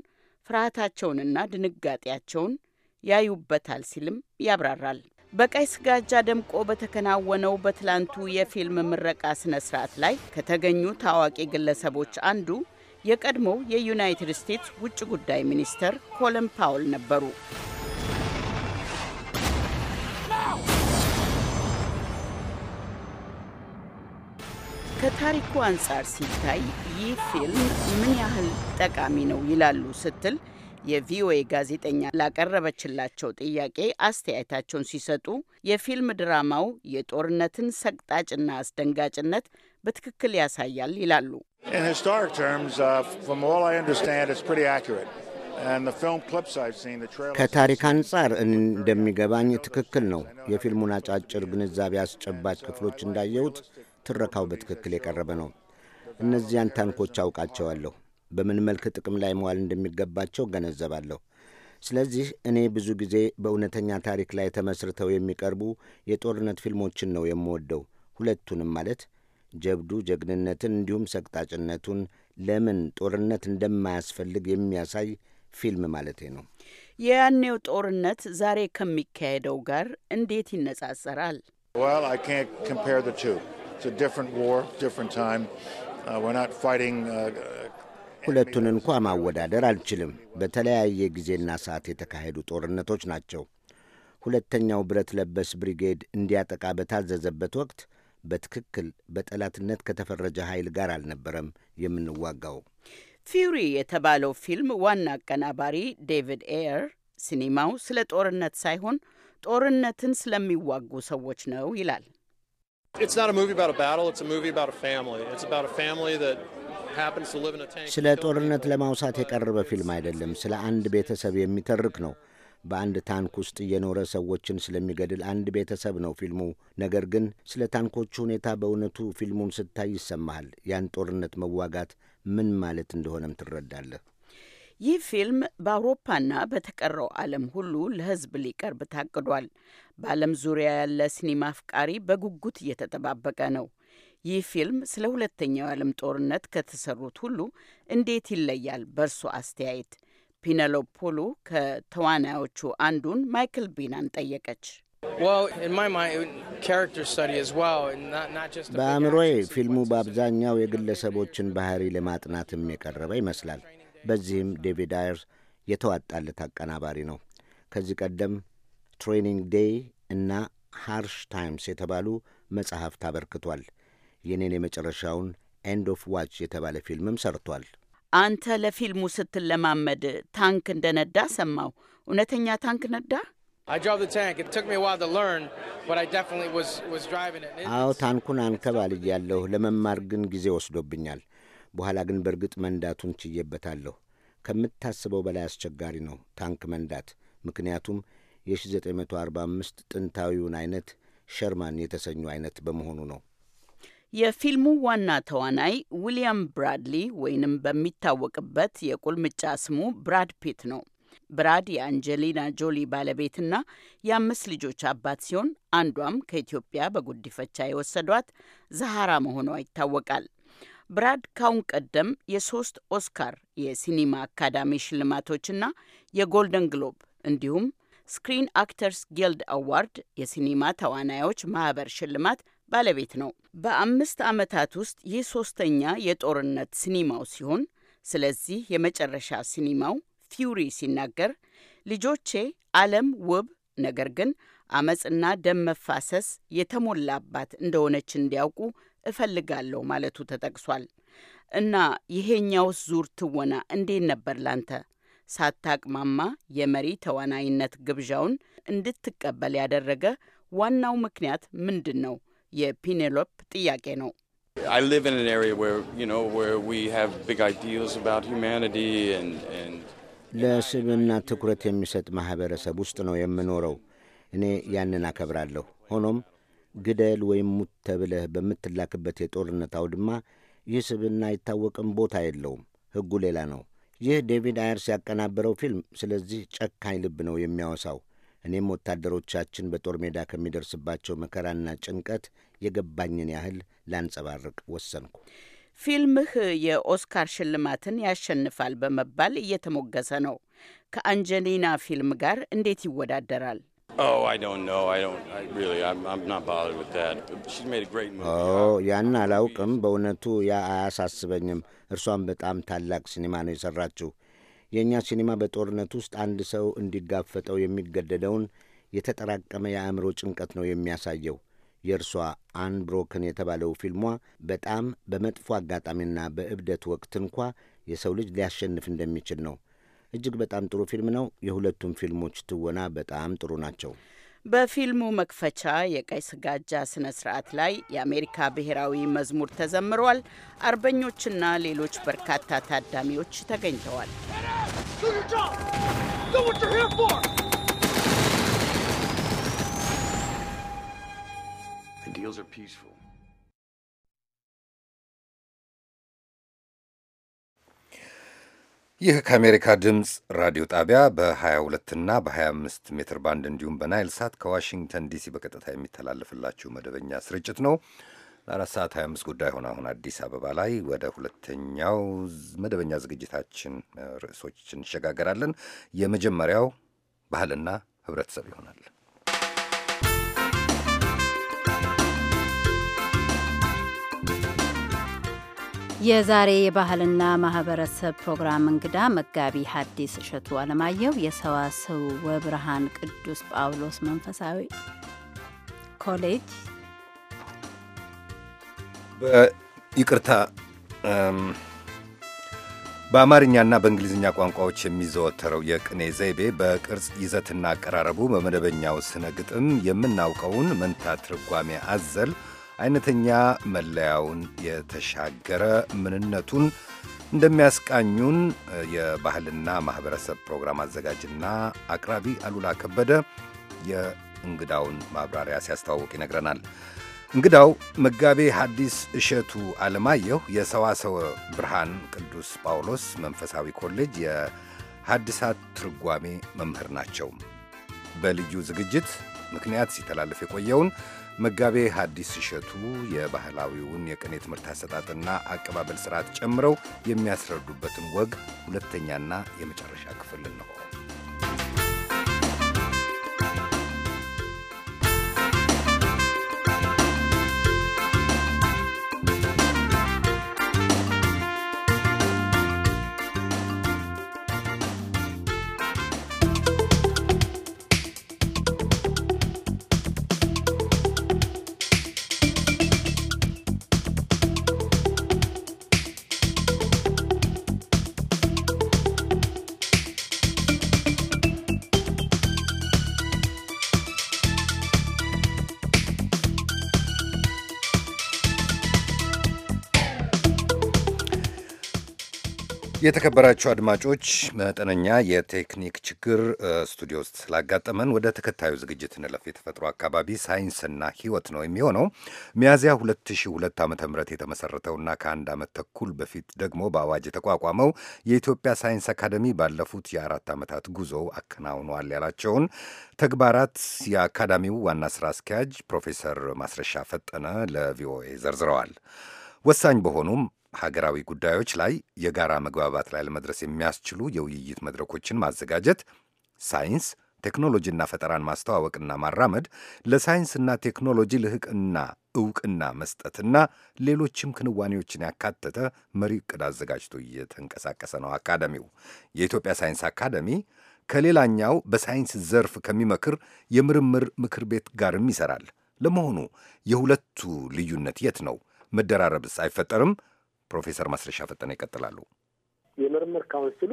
ፍርሃታቸውንና ድንጋጤያቸውን ያዩበታል ሲልም ያብራራል። በቀይ ስጋጃ ደምቆ በተከናወነው በትላንቱ የፊልም ምረቃ ስነ ስርዓት ላይ ከተገኙ ታዋቂ ግለሰቦች አንዱ የቀድሞው የዩናይትድ ስቴትስ ውጭ ጉዳይ ሚኒስተር ኮለን ፓውል ነበሩ። ከታሪኩ አንጻር ሲታይ ይህ ፊልም ምን ያህል ጠቃሚ ነው ይላሉ ስትል የቪኦኤ ጋዜጠኛ ላቀረበችላቸው ጥያቄ አስተያየታቸውን ሲሰጡ የፊልም ድራማው የጦርነትን ሰቅጣጭና አስደንጋጭነት በትክክል ያሳያል ይላሉ። In historic terms, uh, from all I understand, it's pretty accurate. ከታሪክ አንጻር እንደሚገባኝ ትክክል ነው። የፊልሙን አጫጭር ግንዛቤ አስጨባጭ ክፍሎች እንዳየሁት ትረካው በትክክል የቀረበ ነው። እነዚያን ታንኮች አውቃቸዋለሁ። በምን መልክ ጥቅም ላይ መዋል እንደሚገባቸው ገነዘባለሁ። ስለዚህ እኔ ብዙ ጊዜ በእውነተኛ ታሪክ ላይ ተመስርተው የሚቀርቡ የጦርነት ፊልሞችን ነው የምወደው፣ ሁለቱንም ማለት ጀብዱ ጀግንነትን እንዲሁም ሰቅጣጭነቱን ለምን ጦርነት እንደማያስፈልግ የሚያሳይ ፊልም ማለቴ ነው። የያኔው ጦርነት ዛሬ ከሚካሄደው ጋር እንዴት ይነጻጸራል? Uh, uh, uh, ሁለቱን እንኳ ማወዳደር አልችልም። በተለያየ ጊዜና ሰዓት የተካሄዱ ጦርነቶች ናቸው። ሁለተኛው ብረት ለበስ ብሪጌድ እንዲያጠቃ በታዘዘበት ወቅት በትክክል በጠላትነት ከተፈረጀ ኃይል ጋር አልነበረም የምንዋጋው። ፊውሪ የተባለው ፊልም ዋና አቀናባሪ ዴቪድ ኤየር ሲኒማው ስለ ጦርነት ሳይሆን ጦርነትን ስለሚዋጉ ሰዎች ነው ይላል። ስለ ጦርነት ለማውሳት የቀረበ ፊልም አይደለም፣ ስለ አንድ ቤተሰብ የሚተርክ ነው። በአንድ ታንክ ውስጥ እየኖረ ሰዎችን ስለሚገድል አንድ ቤተሰብ ነው ፊልሙ። ነገር ግን ስለ ታንኮቹ ሁኔታ በእውነቱ ፊልሙን ስታይ ይሰማሃል። ያን ጦርነት መዋጋት ምን ማለት እንደሆነም ትረዳለህ። ይህ ፊልም በአውሮፓና በተቀረው ዓለም ሁሉ ለሕዝብ ሊቀርብ ታቅዷል። በዓለም ዙሪያ ያለ ሲኒማ አፍቃሪ በጉጉት እየተጠባበቀ ነው። ይህ ፊልም ስለ ሁለተኛው የዓለም ጦርነት ከተሰሩት ሁሉ እንዴት ይለያል? በእርሶ አስተያየት ፒነሎፖሉ ከተዋናዮቹ አንዱን ማይክል ቢናን ጠየቀች። በአእምሮዬ ፊልሙ በአብዛኛው የግለሰቦችን ባህሪ ለማጥናትም የቀረበ ይመስላል። በዚህም ዴቪድ አየር የተዋጣለት አቀናባሪ ነው። ከዚህ ቀደም ትሬኒንግ ዴይ እና ሃርሽ ታይምስ የተባሉ መጽሐፍት አበርክቷል። የኔን የመጨረሻውን ኤንድ ኦፍ ዋች የተባለ ፊልምም ሰርቷል። አንተ ለፊልሙ ስትለማመድ ታንክ እንደነዳ ሰማው እውነተኛ ታንክ ነዳ? አዎ ታንኩን አንከባልያለሁ። ለመማር ግን ጊዜ ወስዶብኛል። በኋላ ግን በእርግጥ መንዳቱን ችዬበታለሁ። ከምታስበው በላይ አስቸጋሪ ነው ታንክ መንዳት፣ ምክንያቱም የ1945 ጥንታዊውን አይነት ሸርማን የተሰኙ አይነት በመሆኑ ነው። የፊልሙ ዋና ተዋናይ ዊሊያም ብራድሊ ወይንም በሚታወቅበት የቁልምጫ ስሙ ብራድ ፒት ነው። ብራድ የአንጀሊና ጆሊ ባለቤትና የአምስት ልጆች አባት ሲሆን አንዷም ከኢትዮጵያ በጉዲፈቻ የወሰዷት ዛሃራ መሆኗ ይታወቃል። ብራድ ካሁን ቀደም የሶስት ኦስካር የሲኒማ አካዳሚ ሽልማቶችና የጎልደን ግሎብ እንዲሁም ስክሪን አክተርስ ጊልድ አዋርድ የሲኒማ ተዋናዮች ማህበር ሽልማት ባለቤት ነው። በአምስት ዓመታት ውስጥ ይህ ሶስተኛ የጦርነት ሲኒማው ሲሆን ስለዚህ የመጨረሻ ሲኒማው ፊውሪ ሲናገር ልጆቼ ዓለም ውብ ነገር ግን አመፅና ደም መፋሰስ የተሞላባት እንደሆነች እንዲያውቁ እፈልጋለሁ ማለቱ ተጠቅሷል። እና ይሄኛውስ ዙር ትወና እንዴት ነበር ላንተ? ሳታቅማማ የመሪ ተዋናይነት ግብዣውን እንድትቀበል ያደረገ ዋናው ምክንያት ምንድን ነው? የፒኔሎፕ ጥያቄ ነው። ለስብና ትኩረት የሚሰጥ ማህበረሰብ ውስጥ ነው የምኖረው። እኔ ያንን አከብራለሁ። ሆኖም ግደል ወይም ሙት ተብለህ በምትላክበት የጦርነት አውድማ ይህ ስብና አይታወቅም፣ ቦታ የለውም። ሕጉ ሌላ ነው። ይህ ዴቪድ አየርስ ያቀናበረው ፊልም ስለዚህ ጨካኝ ልብ ነው የሚያወሳው። እኔም ወታደሮቻችን በጦር ሜዳ ከሚደርስባቸው መከራና ጭንቀት የገባኝን ያህል ላንጸባርቅ ወሰንኩ። ፊልምህ የኦስካር ሽልማትን ያሸንፋል በመባል እየተሞገሰ ነው። ከአንጀሊና ፊልም ጋር እንዴት ይወዳደራል? Oh, oh, ያን አላውቅም። በእውነቱ ያ አያሳስበኝም። እርሷን በጣም ታላቅ ሲኒማ ነው የሰራችው። የእኛ ሲኒማ በጦርነት ውስጥ አንድ ሰው እንዲጋፈጠው የሚገደደውን የተጠራቀመ የአእምሮ ጭንቀት ነው የሚያሳየው። የእርሷ አንብሮክን የተባለው ፊልሟ በጣም በመጥፎ አጋጣሚና በእብደት ወቅት እንኳ የሰው ልጅ ሊያሸንፍ እንደሚችል ነው። እጅግ በጣም ጥሩ ፊልም ነው። የሁለቱም ፊልሞች ትወና በጣም ጥሩ ናቸው። በፊልሙ መክፈቻ የቀይ ስጋጃ ስነ ስርዓት ላይ የአሜሪካ ብሔራዊ መዝሙር ተዘምሯል። አርበኞችና ሌሎች በርካታ ታዳሚዎች ተገኝተዋል። Shoot your job! what you're here for! The deals are peaceful. ይህ ከአሜሪካ ድምፅ ራዲዮ ጣቢያ በ22 እና በ25 ሜትር ባንድ እንዲሁም በናይል ሳት ከዋሽንግተን ዲሲ በቀጥታ የሚተላለፍላችሁ መደበኛ ስርጭት ነው። ለአራት ሰዓት 25 ጉዳይ ሆነ አሁን አዲስ አበባ ላይ። ወደ ሁለተኛው መደበኛ ዝግጅታችን ርዕሶች እንሸጋገራለን። የመጀመሪያው ባህልና ህብረተሰብ ይሆናል። የዛሬ የባህልና ማህበረሰብ ፕሮግራም እንግዳ መጋቢ ሐዲስ እሸቱ አለማየሁ የሰዋስው ወብርሃን ቅዱስ ጳውሎስ መንፈሳዊ ኮሌጅ ይቅርታ በአማርኛና በእንግሊዝኛ ቋንቋዎች የሚዘወተረው የቅኔ ዘይቤ በቅርጽ ይዘትና አቀራረቡ በመደበኛው ስነ ግጥም የምናውቀውን መንታ ትርጓሜ አዘል አይነተኛ መለያውን የተሻገረ ምንነቱን እንደሚያስቃኙን የባህልና ማህበረሰብ ፕሮግራም አዘጋጅና አቅራቢ አሉላ ከበደ የእንግዳውን ማብራሪያ ሲያስተዋውቅ ይነግረናል። እንግዳው መጋቤ ሐዲስ እሸቱ አለማየሁ የሰዋሰወ ብርሃን ቅዱስ ጳውሎስ መንፈሳዊ ኮሌጅ የሐዲሳት ትርጓሜ መምህር ናቸው። በልዩ ዝግጅት ምክንያት ሲተላለፍ የቆየውን መጋቤ ሐዲስ እሸቱ የባህላዊውን የቅኔ ትምህርት አሰጣጥና አቀባበል ስርዓት ጨምረው የሚያስረዱበትን ወግ ሁለተኛና የመጨረሻ ክፍል ነው። የተከበራችሁ አድማጮች መጠነኛ የቴክኒክ ችግር ስቱዲዮ ውስጥ ስላጋጠመን ወደ ተከታዩ ዝግጅት እንለፍ። የተፈጥሮ አካባቢ ሳይንስና ሕይወት ነው የሚሆነው። ሚያዝያ 2002 ዓ ም የተመሰረተውና ከአንድ ዓመት ተኩል በፊት ደግሞ በአዋጅ የተቋቋመው የኢትዮጵያ ሳይንስ አካደሚ ባለፉት የአራት ዓመታት ጉዞ አከናውኗል ያላቸውን ተግባራት የአካዳሚው ዋና ስራ አስኪያጅ ፕሮፌሰር ማስረሻ ፈጠነ ለቪኦኤ ዘርዝረዋል። ወሳኝ በሆኑም ሀገራዊ ጉዳዮች ላይ የጋራ መግባባት ላይ ለመድረስ የሚያስችሉ የውይይት መድረኮችን ማዘጋጀት፣ ሳይንስ ቴክኖሎጂና ፈጠራን ማስተዋወቅና ማራመድ፣ ለሳይንስና ቴክኖሎጂ ልህቅና እውቅና መስጠትና ሌሎችም ክንዋኔዎችን ያካተተ መሪ ዕቅድ አዘጋጅቶ እየተንቀሳቀሰ ነው። አካደሚው የኢትዮጵያ ሳይንስ አካደሚ ከሌላኛው በሳይንስ ዘርፍ ከሚመክር የምርምር ምክር ቤት ጋርም ይሰራል። ለመሆኑ የሁለቱ ልዩነት የት ነው? መደራረብስ አይፈጠርም? ፕሮፌሰር ማስረሻ ፈጠነ ይቀጥላሉ። የምርምር ካውንስሉ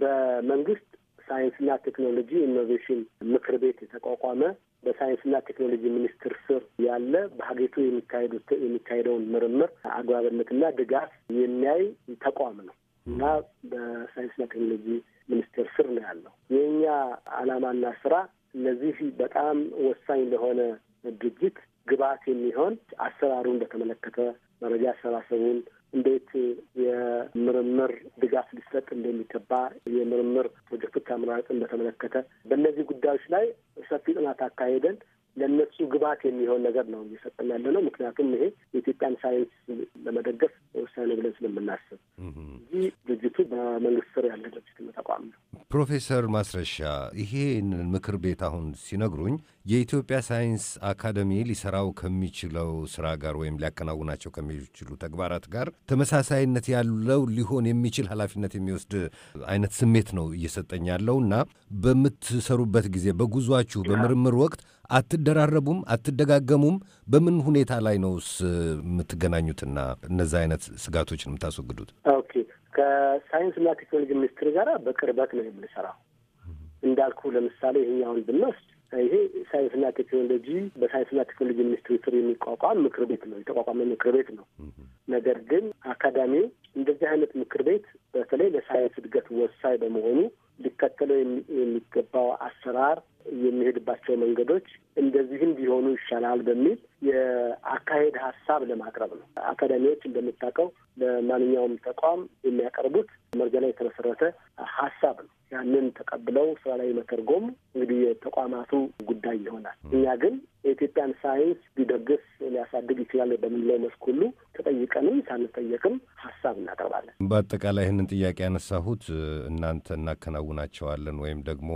በመንግስት ሳይንስና ቴክኖሎጂ ኢኖቬሽን ምክር ቤት የተቋቋመ በሳይንስና ቴክኖሎጂ ሚኒስቴር ስር ያለ በሀገሪቱ የሚካሄደውን ምርምር አግባብነትና ድጋፍ የሚያይ ተቋም ነው እና በሳይንስና ቴክኖሎጂ ሚኒስቴር ስር ነው ያለው። የእኛ ዓላማና ስራ እነዚህ በጣም ወሳኝ ለሆነ ድርጅት ግብዓት የሚሆን አሰራሩን በተመለከተ መረጃ አሰባሰቡን እንዴት የምርምር ድጋፍ ሊሰጥ እንደሚገባ የምርምር ፕሮጀክቶች አመራረጥን በተመለከተ በእነዚህ ጉዳዮች ላይ ሰፊ ጥናት አካሄደን ለእነሱ ግብዓት የሚሆን ነገር ነው እየሰጠን ያለ ነው። ምክንያቱም ይሄ የኢትዮጵያን ሳይንስ ለመደገፍ ወሳኝ ብለን ስለምናስብ እዚህ ድርጅቱ በመንግስት ስር ያለ ድርጅት ተቋም ነው። ፕሮፌሰር ማስረሻ ይሄን ምክር ቤት አሁን ሲነግሩኝ የኢትዮጵያ ሳይንስ አካደሚ ሊሰራው ከሚችለው ስራ ጋር ወይም ሊያከናውናቸው ከሚችሉ ተግባራት ጋር ተመሳሳይነት ያለው ሊሆን የሚችል ኃላፊነት የሚወስድ አይነት ስሜት ነው እየሰጠኝ ያለው እና በምትሰሩበት ጊዜ በጉዟችሁ በምርምር ወቅት አትደራረቡም? አትደጋገሙም? በምን ሁኔታ ላይ ነውስ የምትገናኙትና እነዚ አይነት ስጋቶችን የምታስወግዱት? ኦኬ ከሳይንስና ቴክኖሎጂ ሚኒስትር ጋር በቅርበት ነው የምንሰራው። እንዳልኩ ለምሳሌ ይህኛውን ብንወስድ ይሄ ሳይንስና ቴክኖሎጂ በሳይንስና ቴክኖሎጂ ሚኒስትሪ ስር የሚቋቋም ምክር ቤት ነው፣ የተቋቋመ ምክር ቤት ነው። ነገር ግን አካዳሚው እንደዚህ አይነት ምክር ቤት በተለይ ለሳይንስ እድገት ወሳኝ በመሆኑ ሊከተለው የሚገባው አሰራር የሚሄድባቸው መንገዶች እንደዚህም ቢሆኑ ይሻላል በሚል የአካሄድ ሀሳብ ለማቅረብ ነው። አካዳሚዎች እንደምታውቀው ለማንኛውም ተቋም የሚያቀርቡት መርጃ ላይ የተመሰረተ ሀሳብ ነው። ያንን ተቀብለው ስራ ላይ መተርጎም እንግዲህ የተቋማቱ ጉዳይ ይሆናል። እኛ ግን የኢትዮጵያን ሳይንስ ሊደግፍ ሊያሳድግ ይችላል በምንለው መስክ ሁሉ ተጠይቀንም ሳንጠየቅም ሀሳብ እናቀርባለን። በአጠቃላይ ይህንን ጥያቄ ያነሳሁት እናንተ እናከናው እናከናውናቸዋለን ወይም ደግሞ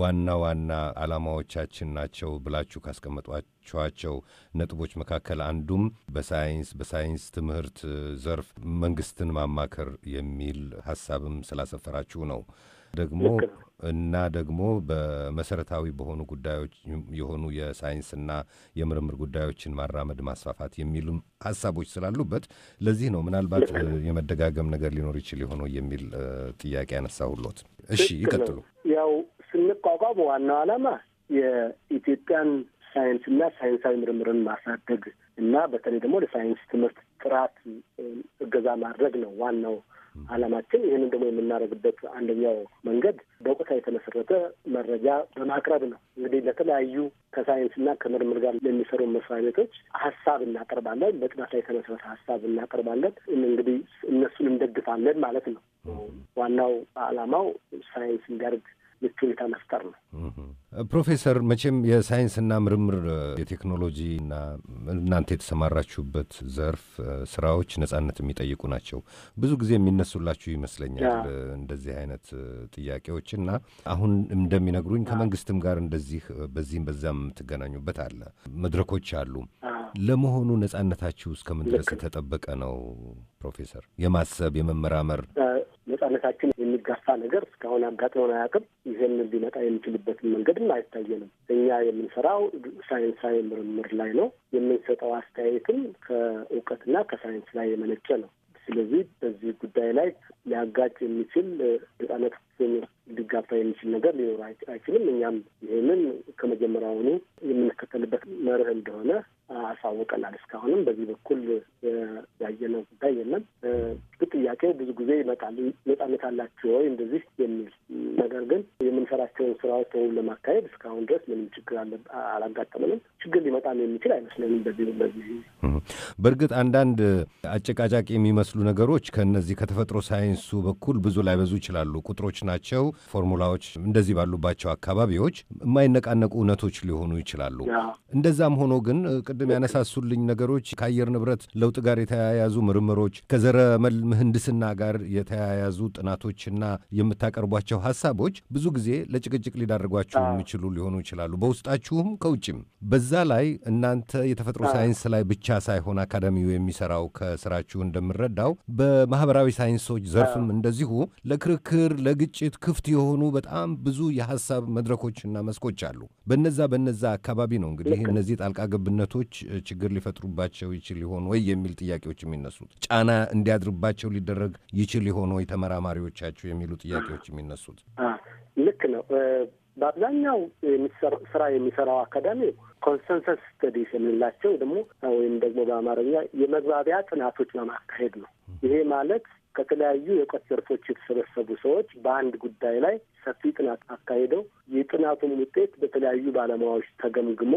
ዋና ዋና ዓላማዎቻችን ናቸው ብላችሁ ካስቀመጧቸዋቸው ነጥቦች መካከል አንዱም በሳይንስ በሳይንስ ትምህርት ዘርፍ መንግስትን ማማከር የሚል ሀሳብም ስላሰፈራችሁ ነው ደግሞ እና ደግሞ በመሰረታዊ በሆኑ ጉዳዮች የሆኑ የሳይንስና የምርምር ጉዳዮችን ማራመድ ማስፋፋት የሚሉም ሀሳቦች ስላሉበት ለዚህ ነው ምናልባት የመደጋገም ነገር ሊኖር ይችል የሆነው የሚል ጥያቄ ያነሳሁሎት። እሺ ይቀጥሉ። ያው ስንቋቋም ዋናው ዓላማ የኢትዮጵያን ሳይንስና ሳይንሳዊ ምርምርን ማሳደግ እና በተለይ ደግሞ ለሳይንስ ትምህርት ጥራት እገዛ ማድረግ ነው ዋናው ዓላማችን። ይህንን ደግሞ የምናደርግበት አንደኛው መንገድ በእውቀት የተመሰረተ መረጃ በማቅረብ ነው። እንግዲህ ለተለያዩ ከሳይንስና ከምርምር ጋር ለሚሰሩ መስሪያ ቤቶች ሀሳብ እናቀርባለን። በጥናት ላይ የተመሰረተ ሀሳብ እናቀርባለን። እንግዲህ እነሱን እንደግፋለን ማለት ነው። ዋናው ዓላማው ሳይንስ እንዲያርግ ምቹ ሁኔታ መፍጠር ነው። ፕሮፌሰር መቼም የሳይንስና ምርምር የቴክኖሎጂና እናንተ የተሰማራችሁበት ዘርፍ ስራዎች ነጻነት የሚጠይቁ ናቸው። ብዙ ጊዜ የሚነሱላችሁ ይመስለኛል እንደዚህ አይነት ጥያቄዎች እና አሁን እንደሚነግሩኝ ከመንግስትም ጋር እንደዚህ በዚህም በዚያም የምትገናኙበት አለ፣ መድረኮች አሉ። ለመሆኑ ነጻነታችሁ እስከምን ድረስ የተጠበቀ ነው? ፕሮፌሰር የማሰብ የመመራመር ነጻነታችን የሚጋፋ ነገር እስካሁን አጋጥሞን አያውቅም። ይህን ሊመጣ የሚችልበትን መንገድም አይታየንም። እኛ የምንሰራው ሳይንሳዊ ምርምር ላይ ነው። የምንሰጠው አስተያየትም ከእውቀትና ከሳይንስ ላይ የመነጨ ነው። ስለዚህ በዚህ ጉዳይ ላይ ሊያጋጭ የሚችል ነጻነት ሊጋፋ የሚችል ነገር ሊኖር አይችልም። እኛም ይህንን ከመጀመሪያውኑ የምንከተልበት መርህ እንደሆነ አሳውቀናል። እስካሁንም በዚህ በኩል ያየነው ጉዳይ የለም። ጥያቄ ብዙ ጊዜ ይመጣል፣ ነጻነት አላችሁ ወይ እንደዚህ የሚል ነገር ግን የምንሰራቸውን ስራዎች ወይም ለማካሄድ እስካሁን ድረስ ምንም ችግር አላጋጠመንም። ችግር ሊመጣም የሚችል አይመስለንም። በዚህ በዚህ በእርግጥ አንዳንድ አጨቃጫቂ የሚመስሉ ነገሮች ከነዚህ ከተፈጥሮ ሳይንሱ በኩል ብዙ ላይበዙ ይችላሉ። ቁጥሮች ናቸው። ፎርሙላዎች እንደዚህ ባሉባቸው አካባቢዎች የማይነቃነቁ እውነቶች ሊሆኑ ይችላሉ። እንደዛም ሆኖ ግን ቅድም ያነሳሱልኝ ነገሮች ከአየር ንብረት ለውጥ ጋር የተያያዙ ምርምሮች፣ ከዘረመል ምህንድስና ጋር የተያያዙ ጥናቶችና የምታቀርቧቸው ሀሳቦች ብዙ ጊዜ ለጭቅጭቅ ሊዳርጓችሁ የሚችሉ ሊሆኑ ይችላሉ በውስጣችሁም ከውጭም። በዛ ላይ እናንተ የተፈጥሮ ሳይንስ ላይ ብቻ ሳይሆን አካዳሚው የሚሰራው ከስራችሁ እንደምረዳው በማህበራዊ ሳይንሶች ዘርፍም እንደዚሁ ለክርክር ለግጭት ክፍት ክፍት የሆኑ በጣም ብዙ የሀሳብ መድረኮችና መስኮች አሉ። በነዛ በነዛ አካባቢ ነው እንግዲህ እነዚህ ጣልቃ ገብነቶች ችግር ሊፈጥሩባቸው ይችል ይሆን ወይ የሚል ጥያቄዎች የሚነሱት፣ ጫና እንዲያድርባቸው ሊደረግ ይችል ይሆን ወይ ተመራማሪዎቻቸው የሚሉ ጥያቄዎች የሚነሱት። ልክ ነው። በአብዛኛው ስራ የሚሰራው አካዳሚ ኮንሰንሰስ ስተዲስ የምንላቸው ደግሞ ወይም ደግሞ በአማርኛ የመግባቢያ ጥናቶች በማካሄድ ነው። ይሄ ማለት ከተለያዩ የእውቀት ዘርፎች የተሰበሰቡ ሰዎች በአንድ ጉዳይ ላይ ሰፊ ጥናት አካሂደው የጥናቱን ውጤት በተለያዩ ባለሙያዎች ተገምግሞ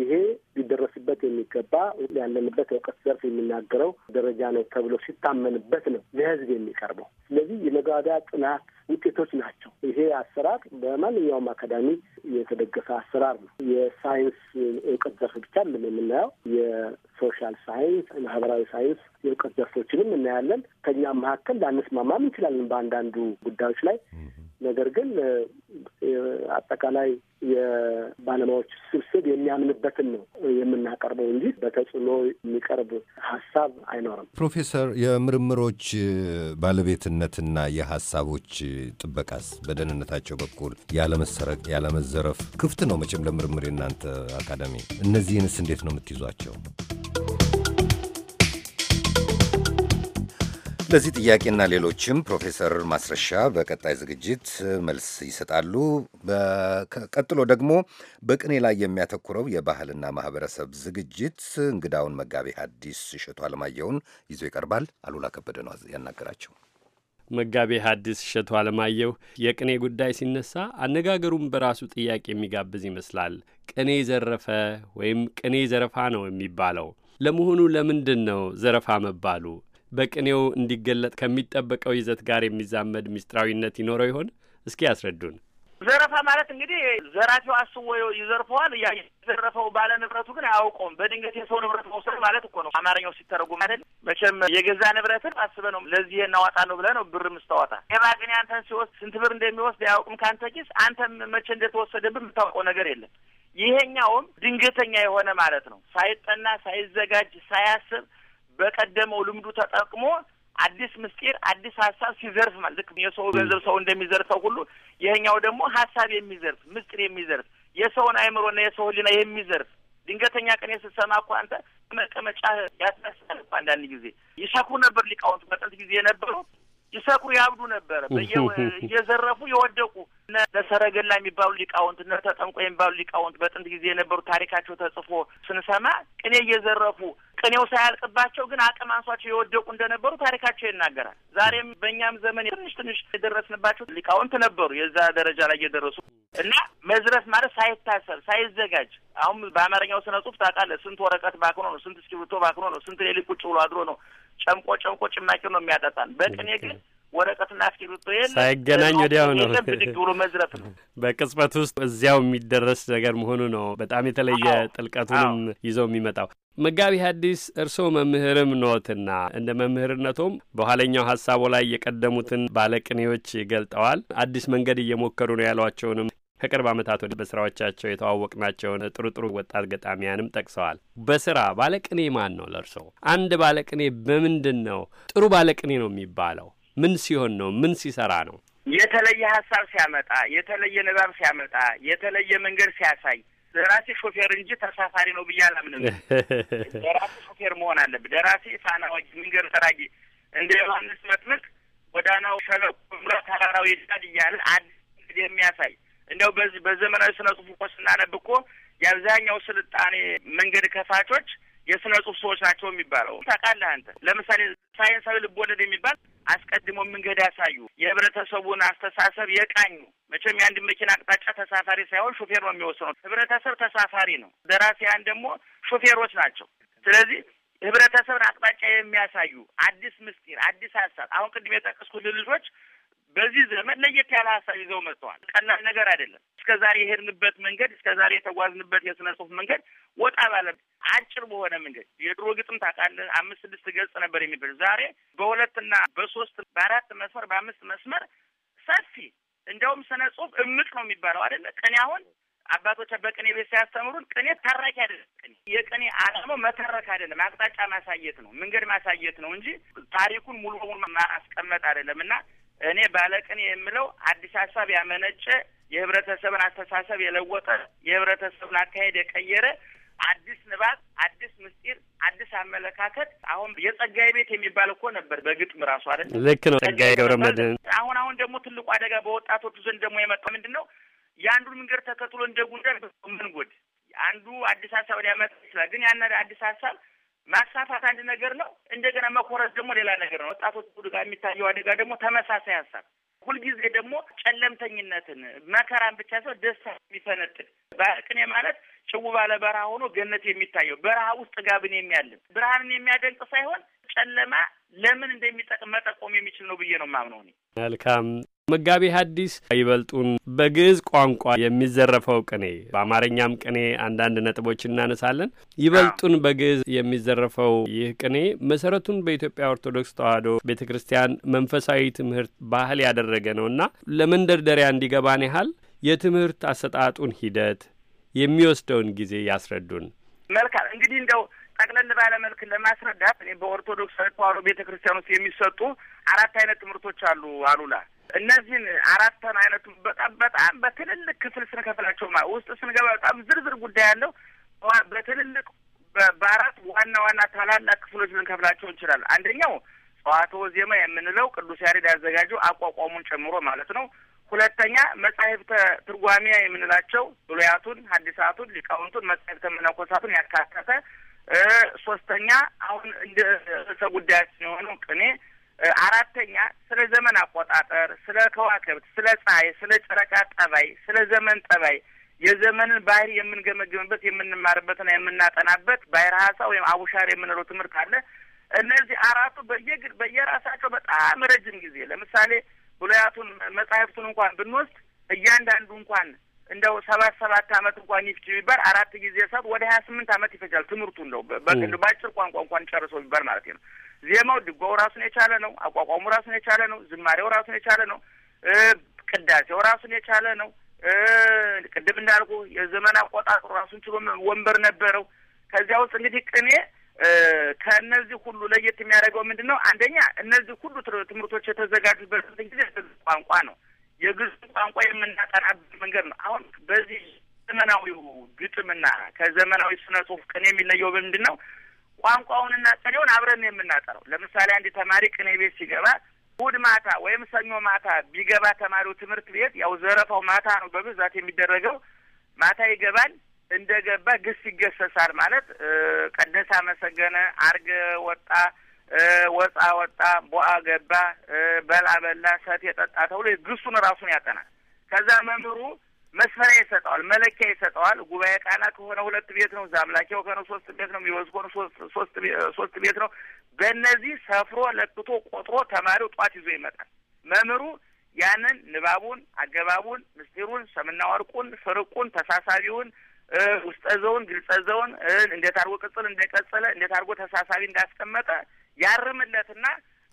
ይሄ ሊደረስበት የሚገባ ያለንበት እውቀት ዘርፍ የሚናገረው ደረጃ ነው ተብሎ ሲታመንበት ነው ለህዝብ የሚቀርበው። ስለዚህ የመግባቢያ ጥናት ውጤቶች ናቸው። ይሄ አሰራር በማንኛውም አካዳሚ የተደገፈ አሰራር ነው። የሳይንስ እውቀት ዘርፍ ብቻ ምን የምናየው የሶሻል ሳይንስ፣ ማህበራዊ ሳይንስ የእውቀት ዘርፎችንም እናያለን። ከኛ መካከል ላንስማማም እንችላለን በአንዳንዱ ጉዳዮች ላይ ነገር ግን አጠቃላይ የባለሙያዎች ስብስብ የሚያምንበትን ነው የምናቀርበው እንጂ በተጽዕኖ የሚቀርብ ሀሳብ አይኖርም። ፕሮፌሰር፣ የምርምሮች ባለቤትነትና የሀሳቦች ጥበቃስ በደህንነታቸው በኩል ያለመሰረቅ፣ ያለመዘረፍ ክፍት ነው መቼም ለምርምር የእናንተ አካዳሚ። እነዚህንስ እንዴት ነው የምትይዟቸው? ለዚህ ጥያቄና ሌሎችም ፕሮፌሰር ማስረሻ በቀጣይ ዝግጅት መልስ ይሰጣሉ። ቀጥሎ ደግሞ በቅኔ ላይ የሚያተኩረው የባህልና ማህበረሰብ ዝግጅት እንግዳውን መጋቢ ሐዲስ እሸቱ አለማየሁን ይዞ ይቀርባል። አሉላ ከበደ ነው ያናገራቸው። መጋቤ ሐዲስ እሸቱ አለማየሁ፣ የቅኔ ጉዳይ ሲነሳ አነጋገሩም በራሱ ጥያቄ የሚጋብዝ ይመስላል። ቅኔ ዘረፈ ወይም ቅኔ ዘረፋ ነው የሚባለው። ለመሆኑ ለምንድን ነው ዘረፋ መባሉ? በቅኔው እንዲገለጥ ከሚጠበቀው ይዘት ጋር የሚዛመድ ምስጢራዊነት ይኖረው ይሆን? እስኪ ያስረዱን። ዘረፋ ማለት እንግዲህ ዘራፊው አስቦ ይዘርፈዋል። ያ የዘረፈው ባለ ንብረቱ ግን አያውቀውም። በድንገት የሰው ንብረት መውሰድ ማለት እኮ ነው። አማርኛው ሲተረጉ ማለት መቼም የገዛ ንብረትን አስበ ነው ለዚህ እናዋጣ ነው ብለህ ነው ብር ምስታወጣ። ሌባ ግን አንተን ሲወስድ ስንት ብር እንደሚወስድ አያውቅም ከአንተ ኪስ። አንተም መቼ እንደተወሰደብህ የምታውቀው ነገር የለም። ይሄኛውም ድንገተኛ የሆነ ማለት ነው። ሳይጠና ሳይዘጋጅ ሳያስብ በቀደመው ልምዱ ተጠቅሞ አዲስ ምስጢር አዲስ ሀሳብ ሲዘርፍ ማለት ልክ የሰው ገንዘብ ሰው እንደሚዘርፈው ሁሉ ይሄኛው ደግሞ ሀሳብ የሚዘርፍ ምስጢር የሚዘርፍ የሰውን አእምሮና የሰው ህሊና የሚዘርፍ ድንገተኛ ቀን ስትሰማ እኮ አንተ መቀመጫ ያስነሳል። አንዳንድ ጊዜ ይሸኩ ነበር ሊቃውንት በጥንት ጊዜ የነበሩ ይሰቅሩ ያብዱ ነበረ። እየዘረፉ የወደቁ ነሰረገላ የሚባሉ ሊቃውንት፣ ነተጠምቆ የሚባሉ ሊቃውንት በጥንት ጊዜ የነበሩ ታሪካቸው ተጽፎ ስንሰማ ቅኔ እየዘረፉ ቅኔው ሳያልቅባቸው ግን አቅም አንሷቸው የወደቁ እንደነበሩ ታሪካቸው ይናገራል። ዛሬም በእኛም ዘመን ትንሽ ትንሽ የደረስንባቸው ሊቃውንት ነበሩ የዛ ደረጃ ላይ እየደረሱ እና መዝረፍ ማለት ሳይታሰብ ሳይዘጋጅ አሁን በአማርኛው ስነ ጽሁፍ ታውቃለህ፣ ስንት ወረቀት ባክኖ ነው፣ ስንት እስክሪብቶ ባክኖ ነው፣ ስንት ሌሊት ቁጭ ብሎ አድሮ ነው ጨምቆ ጨምቆ ጭማቂው ነው የሚያጠጣን። በቅኔ ግን ወረቀትና እስክሪብቶ የለ ሳይገናኝ ወዲያው ነው ብድግ ብሎ መዝረፍ ነው። በቅጽበት ውስጥ እዚያው የሚደረስ ነገር መሆኑ ነው። በጣም የተለየ ጥልቀቱንም ይዘው የሚመጣው መጋቢ ሐዲስ እርስዎ መምህርም ኖትና እንደ መምህርነቶም በኋለኛው ሀሳቦ ላይ የቀደሙትን ባለቅኔዎች ገልጠዋል። አዲስ መንገድ እየሞከሩ ነው ያሏቸውንም ከቅርብ ዓመታት ወደ በስራዎቻቸው የተዋወቅናቸውን ጥሩ ጥሩ ወጣት ገጣሚያንም ጠቅሰዋል። በስራ ባለቅኔ ማን ነው ለእርሶ? አንድ ባለቅኔ በምንድን ነው ጥሩ ባለቅኔ ነው የሚባለው? ምን ሲሆን ነው? ምን ሲሰራ ነው? የተለየ ሀሳብ ሲያመጣ፣ የተለየ ንባብ ሲያመጣ፣ የተለየ መንገድ ሲያሳይ ደራሲ ሾፌር እንጂ ተሳፋሪ ነው ብዬ አላምንም። ደራሲ ሾፌር መሆን አለብ። ደራሲ ፋና መንገድ ተራጊ እንደ ዮሐንስ መጥምቅ ጎዳናው ሸለቆ ተራራው ይዳድ እያለ አዲስ የሚያሳይ እንደው በዚህ በዘመናዊ ስነ ጽሁፍ እኮ ስናነብ እኮ የአብዛኛው ስልጣኔ መንገድ ከፋቾች የስነ ጽሁፍ ሰዎች ናቸው የሚባለው ታውቃለህ አንተ። ለምሳሌ ሳይንሳዊ ልቦለድ የሚባል አስቀድሞ መንገድ ያሳዩ፣ የህብረተሰቡን አስተሳሰብ የቃኙ። መቼም የአንድ መኪና አቅጣጫ ተሳፋሪ ሳይሆን ሾፌር ነው የሚወስነው። ህብረተሰብ ተሳፋሪ ነው፣ ደራሲያን ደግሞ ሾፌሮች ናቸው። ስለዚህ ህብረተሰብን አቅጣጫ የሚያሳዩ አዲስ ምስጢር፣ አዲስ ሀሳብ አሁን ቅድም የጠቀስኩት ልልጆች በዚህ ዘመን ለየት ያለ ሀሳብ ይዘው መጥተዋል። ቀላል ነገር አይደለም። እስከ ዛሬ የሄድንበት መንገድ፣ እስከ ዛሬ የተጓዝንበት የስነ ጽሁፍ መንገድ ወጣ ባለ አጭር በሆነ መንገድ የድሮ ግጥም ታውቃለህ፣ አምስት ስድስት ገጽ ነበር የሚበል ዛሬ በሁለትና በሶስት በአራት መስመር በአምስት መስመር ሰፊ እንዲያውም ስነ ጽሁፍ እምቅ ነው የሚባለው አይደለ? ቅኔ አሁን አባቶች በቅኔ ቤት ሲያስተምሩን ቅኔ ተራኪ አይደለም። ቅኔ የቅኔ ዓላማው መተረክ አይደለም፣ አቅጣጫ ማሳየት ነው፣ መንገድ ማሳየት ነው እንጂ ታሪኩን ሙሉ በሙሉ ማስቀመጥ አይደለም እና እኔ ባለቅኔ የምለው አዲስ ሀሳብ ያመነጨ የህብረተሰብን አስተሳሰብ የለወጠ የህብረተሰብን አካሄድ የቀየረ አዲስ ንባት፣ አዲስ ምስጢር፣ አዲስ አመለካከት። አሁን የጸጋዬ ቤት የሚባል እኮ ነበር በግጥም ራሱ አይደል? ልክ ነው። ጸጋዬ ገብረመድህን። አሁን አሁን ደግሞ ትልቁ አደጋ በወጣቶቹ ዘንድ ደግሞ የመጣ ምንድን ነው? የአንዱን መንገድ ተከትሎ እንደ ጉንዳን መንጎድ። አንዱ አዲስ ሀሳብን ያመጣ ይችላል፣ ግን ያን አዲስ ሀሳብ ማስፋፋት አንድ ነገር ነው። እንደገና መኮረስ ደግሞ ሌላ ነገር ነው። ወጣቶች ቡድ ጋር የሚታየው አደጋ ደግሞ ተመሳሳይ ሀሳብ ሁልጊዜ ደግሞ ጨለምተኝነትን መከራን ብቻ ሰው ደስታ የሚፈነጥቅ በቅኔ ማለት ጭው ባለ በረሃ ሆኖ ገነት የሚታየው በረሃ ውስጥ ጋብን የሚያልም ብርሃንን የሚያደንቅ ሳይሆን ጨለማ ለምን እንደሚጠቅም መጠቆም የሚችል ነው ብዬ ነው የማምነው እኔ። መልካም መጋቢ ሐዲስ ይበልጡን በግዕዝ ቋንቋ የሚዘረፈው ቅኔ በአማርኛም ቅኔ አንዳንድ ነጥቦች እናነሳለን። ይበልጡን በግዕዝ የሚዘረፈው ይህ ቅኔ መሰረቱን በኢትዮጵያ ኦርቶዶክስ ተዋሕዶ ቤተ ክርስቲያን መንፈሳዊ ትምህርት ባህል ያደረገ ነውና ለመንደርደሪያ እንዲገባን ያህል የትምህርት አሰጣጡን ሂደት የሚወስደውን ጊዜ ያስረዱን። መልካም እንግዲህ እንደው ጠቅለል ባለ መልክ ለማስረዳት እኔ በኦርቶዶክስ ተዋሕዶ ቤተ ክርስቲያን ውስጥ የሚሰጡ አራት አይነት ትምህርቶች አሉ አሉላ እነዚህን አራተን አይነቱን በጣም በጣም በትልልቅ ክፍል ስንከፍላቸው ውስጥ ስንገባ በጣም ዝርዝር ጉዳይ ያለው በትልልቅ በአራት ዋና ዋና ታላላቅ ክፍሎች ልንከፍላቸው እንችላለን። አንደኛው ጸዋትወ ዜማ የምንለው ቅዱስ ያሬድ ያዘጋጀው አቋቋሙን ጨምሮ ማለት ነው። ሁለተኛ መጻሕፍተ ትርጓሜያ የምንላቸው ብሉያቱን፣ ሐዲሳቱን፣ ሊቃውንቱን፣ መጻሕፍተ መነኮሳቱን ያካተተ ሶስተኛ አሁን እንደ ርዕሰ ጉዳያችን የሆነው ቅኔ አራተኛ ስለ ዘመን አቆጣጠር፣ ስለ ከዋክብት፣ ስለ ፀሐይ፣ ስለ ጨረቃ ጠባይ፣ ስለ ዘመን ጠባይ የዘመንን ባህሪ የምንገመግምበት የምንማርበትና የምናጠናበት ባህረ ሀሳ ወይም አቡሻር የምንለው ትምህርት አለ። እነዚህ አራቱ በየግ በየራሳቸው በጣም ረጅም ጊዜ ለምሳሌ ብሉያቱን መጻሕፍቱን እንኳን ብንወስድ እያንዳንዱ እንኳን እንደው ሰባት ሰባት አመት እንኳን ይፍጅ ቢባል አራት ጊዜ ሰብ ወደ ሀያ ስምንት አመት ይፈጃል ትምህርቱ እንደው በአጭር ቋንቋ እንኳን ጨርሶ ቢባል ማለት ነው። ዜማው ድጓው ራሱን የቻለ ነው። አቋቋሙ ራሱን የቻለ ነው። ዝማሬው ራሱን የቻለ ነው። ቅዳሴው ራሱን የቻለ ነው። ቅድም እንዳልኩ የዘመን አቆጣጠሩ ራሱን ችሎ ወንበር ነበረው። ከዚያ ውስጥ እንግዲህ ቅኔ ከእነዚህ ሁሉ ለየት የሚያደርገው ምንድን ነው? አንደኛ እነዚህ ሁሉ ትምህርቶች የተዘጋጁበት ጊዜ ቋንቋ ነው። የግዕዝ ቋንቋ የምናጠናበት መንገድ ነው። አሁን በዚህ ዘመናዊው ግጥምና ከዘመናዊ ስነ ጽሁፍ ቅኔ የሚለየው ምንድን ነው? ቋንቋውንና ጥሪውን አብረን የምናጠረው። ለምሳሌ አንድ ተማሪ ቅኔ ቤት ሲገባ እሑድ ማታ ወይም ሰኞ ማታ ቢገባ ተማሪው ትምህርት ቤት ያው ዘረፋው ማታ ነው በብዛት የሚደረገው። ማታ ይገባል። እንደ ገባ ግስ ይገሰሳል ማለት ቀደሰ፣ አመሰገነ፣ አርገ ወጣ፣ ወፃ ወጣ፣ ቦአ ገባ፣ በላ በላ፣ ሰት የጠጣ ተብሎ ግሱን ራሱን ያጠናል። ከዛ መምህሩ መስፈሪያ ይሰጠዋል፣ መለኪያ ይሰጠዋል። ጉባኤ ቃና ከሆነ ሁለት ቤት ነው። ዛምላኪያው ከሆነ ሶስት ቤት ነው። የሚወዝ ከሆነ ሶስት ሶስት ቤት ነው። በእነዚህ ሰፍሮ ለክቶ ቆጥሮ ተማሪው ጧት ይዞ ይመጣል። መምህሩ ያንን ንባቡን፣ አገባቡን፣ ምስጢሩን፣ ሰምና ወርቁን፣ ፍርቁን፣ ተሳሳቢውን፣ ግልጸ ዘውን እንዴት አድርጎ ቅጽል እንደቀጸለ እንዴት አድርጎ ተሳሳቢ እንዳስቀመጠ ያርምለትና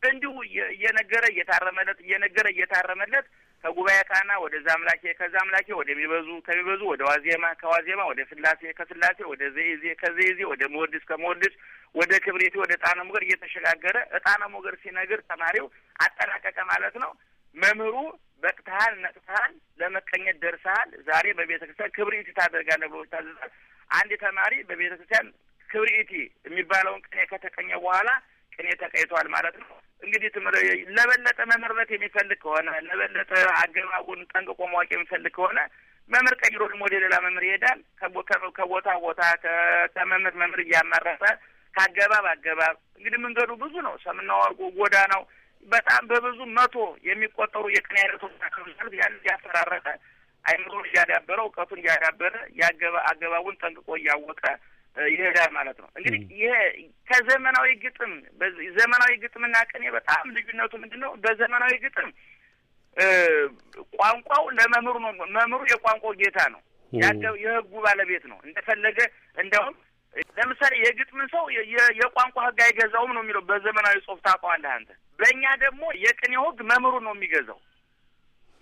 እንዲሁ እየነገረ እየታረመለት እየነገረ እየታረመለት ከጉባኤ ቃና ወደ ዛምላኬ ከዛምላኬ ወደሚበዙ ከሚበዙ ወደ ዋዜማ ከዋዜማ ወደ ስላሴ ከስላሴ ወደ ዘይዜ ከዘይዜ ወደ መወድስ ከመወድስ ወደ ክብሬቴ ወደ ጣነ ሞገር እየተሸጋገረ እጣነ ሞገር ሲነግር ተማሪው አጠናቀቀ ማለት ነው። መምህሩ በቅተሃል፣ ነቅተሃል፣ ለመቀኘት ደርሰሃል፣ ዛሬ በቤተ ክርስቲያን ክብሪቲ ታደርጋለህ ብሎ ታዘዛል። አንድ ተማሪ በቤተ ክርስቲያን ክብሪቲ የሚባለውን ቅኔ ከተቀኘ በኋላ ቅኔ ተቀይቷል ማለት ነው። እንግዲህ ትምህር ለበለጠ መመርበት የሚፈልግ ከሆነ ለበለጠ አገባቡን ጠንቅቆ ማወቅ የሚፈልግ ከሆነ መምህር ቀይሮ ደግሞ ወደ ሌላ መምህር ይሄዳል። ከቦታ ቦታ ከመምህር መምህር እያመረጠ ከአገባብ አገባብ እንግዲህ መንገዱ ብዙ ነው። ሰምና ወርቁ ጎዳናው በጣም በብዙ መቶ የሚቆጠሩ የቅኔ አይነቶች ናቸው። ያን እያፈራረቀ አይምሮን እያዳበረ እውቀቱን እያዳበረ የአገባ አገባቡን ጠንቅቆ እያወቀ ይሄዳል ማለት ነው። እንግዲህ ይሄ ከዘመናዊ ግጥም ዘመናዊ ግጥምና ቅኔ በጣም ልዩነቱ ምንድን ነው? በዘመናዊ ግጥም ቋንቋው ለመምህሩ ነው። መምህሩ የቋንቋው ጌታ ነው፣ ያለው የህጉ ባለቤት ነው። እንደፈለገ እንደውም ለምሳሌ የግጥምን ሰው የቋንቋ ህግ አይገዛውም ነው የሚለው በዘመናዊ ጽሁፍ ታውቀዋለህ አንተ። በእኛ ደግሞ የቅኔ ህግ መምህሩ ነው የሚገዛው።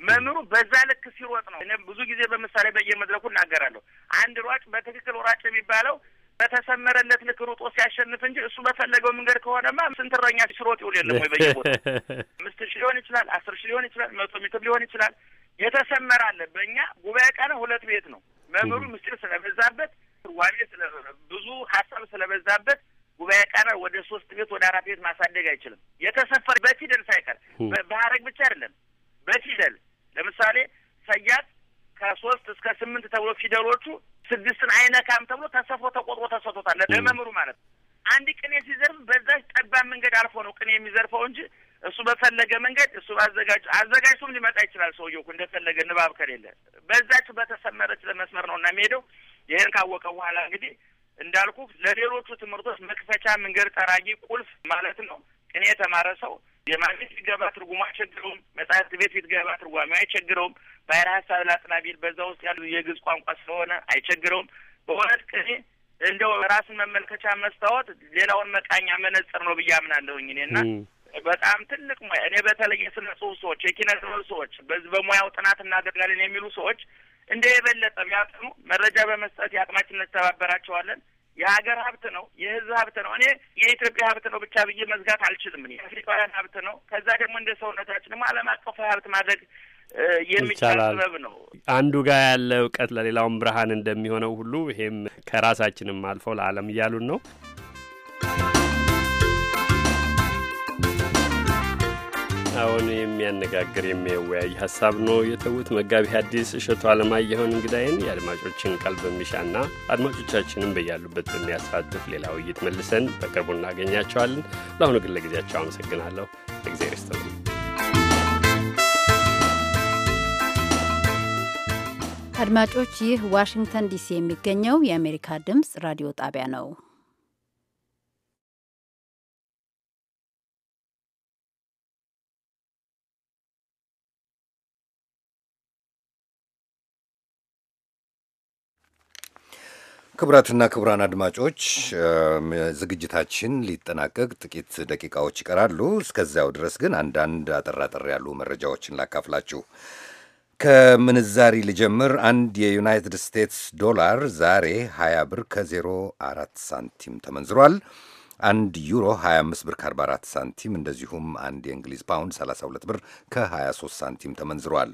መምህሩ በዛ ልክ ሲሮጥ ነው። ብዙ ጊዜ በምሳሌ በየመድረኩ እናገራለሁ። አንድ ሯጭ በትክክል ሯጭ የሚባለው በተሰመረለት ልክ ሩጦ ሲያሸንፍ እንጂ እሱ በፈለገው መንገድ ከሆነማ ስንትረኛ ሲሮጥ ይውል የለም ወይ? በየቦታ አምስት ሺ ሊሆን ይችላል፣ አስር ሺ ሊሆን ይችላል፣ መቶ ሜትር ሊሆን ይችላል። የተሰመረ አለ። በእኛ ጉባኤ ቀን ሁለት ቤት ነው። መምህሩ ምስጢር ስለበዛበት ዋቤ ስለ ብዙ ሀሳብ ስለበዛበት ጉባኤ ቀን ወደ ሶስት ቤት ወደ አራት ቤት ማሳደግ አይችልም። የተሰፈረ በፊደል ሳይቀር በሀረግ ብቻ አይደለም በፊደል ለምሳሌ ሰያት ከሶስት እስከ ስምንት ተብሎ ፊደሎቹ ስድስትን አይነካም ተብሎ ተሰፎ ተቆጥሮ ተሰቶታል ለመምሩ ማለት ነው። አንድ ቅኔ ሲዘርፍ በዛች ጠባብ መንገድ አልፎ ነው ቅኔ የሚዘርፈው እንጂ እሱ በፈለገ መንገድ እሱ አዘጋጅ አዘጋጅቶም ሊመጣ ይችላል። ሰውየው እኮ እንደፈለገ ንባብ ከሌለ በዛች በተሰመረች ለመስመር ነው እና የሚሄደው። ይህን ካወቀ በኋላ እንግዲህ እንዳልኩ ለሌሎቹ ትምህርቶች መክፈቻ መንገድ ጠራጊ ቁልፍ ማለት ነው ቅኔ የተማረ ሰው የማግኘት ቢገባ ትርጉሙ አይቸግረውም። መጽሐፍት ቤት ቢትገባ ትርጓሚ አይቸግረውም። ባይረ ሀሳብ ላጥና ቢል በዛ ውስጥ ያሉ የግዕዝ ቋንቋ ስለሆነ አይቸግረውም። በእውነት ከኔ እንደው ራስን መመልከቻ መስታወት ሌላውን መቃኛ መነጽር ነው ብዬ አምናለሁኝ እኔ እና በጣም ትልቅ ሙያ እኔ በተለይ የስነ ጽሁፍ ሰዎች፣ የኪነ ጥበብ ሰዎች በዚህ በሙያው ጥናት እናደርጋለን የሚሉ ሰዎች እንደ የበለጠ ቢያጥኑ መረጃ በመስጠት የአቅማችን እንተባበራቸዋለን። የሀገር ሀብት ነው፣ የህዝብ ሀብት ነው። እኔ የኢትዮጵያ ሀብት ነው ብቻ ብዬ መዝጋት አልችልም። እኔ አፍሪካውያን ሀብት ነው። ከዛ ደግሞ እንደ ሰውነታችን ዓለም አቀፍ ሀብት ማድረግ የሚቻል ጥበብ ነው። አንዱ ጋር ያለ እውቀት ለሌላውም ብርሃን እንደሚሆነው ሁሉ ይሄም ከራሳችንም አልፈው ለዓለም እያሉን ነው። አሁን የሚያነጋግር የሚያወያይ ሀሳብ ነው የተዉት። መጋቢ ሐዲስ እሸቱ አለማየሁን እንግዳይን የአድማጮችን ቀልብ በሚሻና አድማጮቻችንም በያሉበት በሚያሳትፍ ሌላ ውይይት መልሰን በቅርቡ እናገኛቸዋለን። ለአሁኑ ግን ለጊዜያቸው አመሰግናለሁ። እግዜር ስተ አድማጮች ይህ ዋሽንግተን ዲሲ የሚገኘው የአሜሪካ ድምፅ ራዲዮ ጣቢያ ነው። ክቡራትና ክቡራን አድማጮች ዝግጅታችን ሊጠናቀቅ ጥቂት ደቂቃዎች ይቀራሉ። እስከዚያው ድረስ ግን አንዳንድ አጠራጠር ያሉ መረጃዎችን ላካፍላችሁ። ከምንዛሪ ልጀምር። አንድ የዩናይትድ ስቴትስ ዶላር ዛሬ 20 ብር ከ04 ሳንቲም ተመንዝሯል። አንድ ዩሮ 25 ብር ከ44 ሳንቲም እንደዚሁም አንድ የእንግሊዝ ፓውንድ 32 ብር ከ23 ሳንቲም ተመንዝሯል።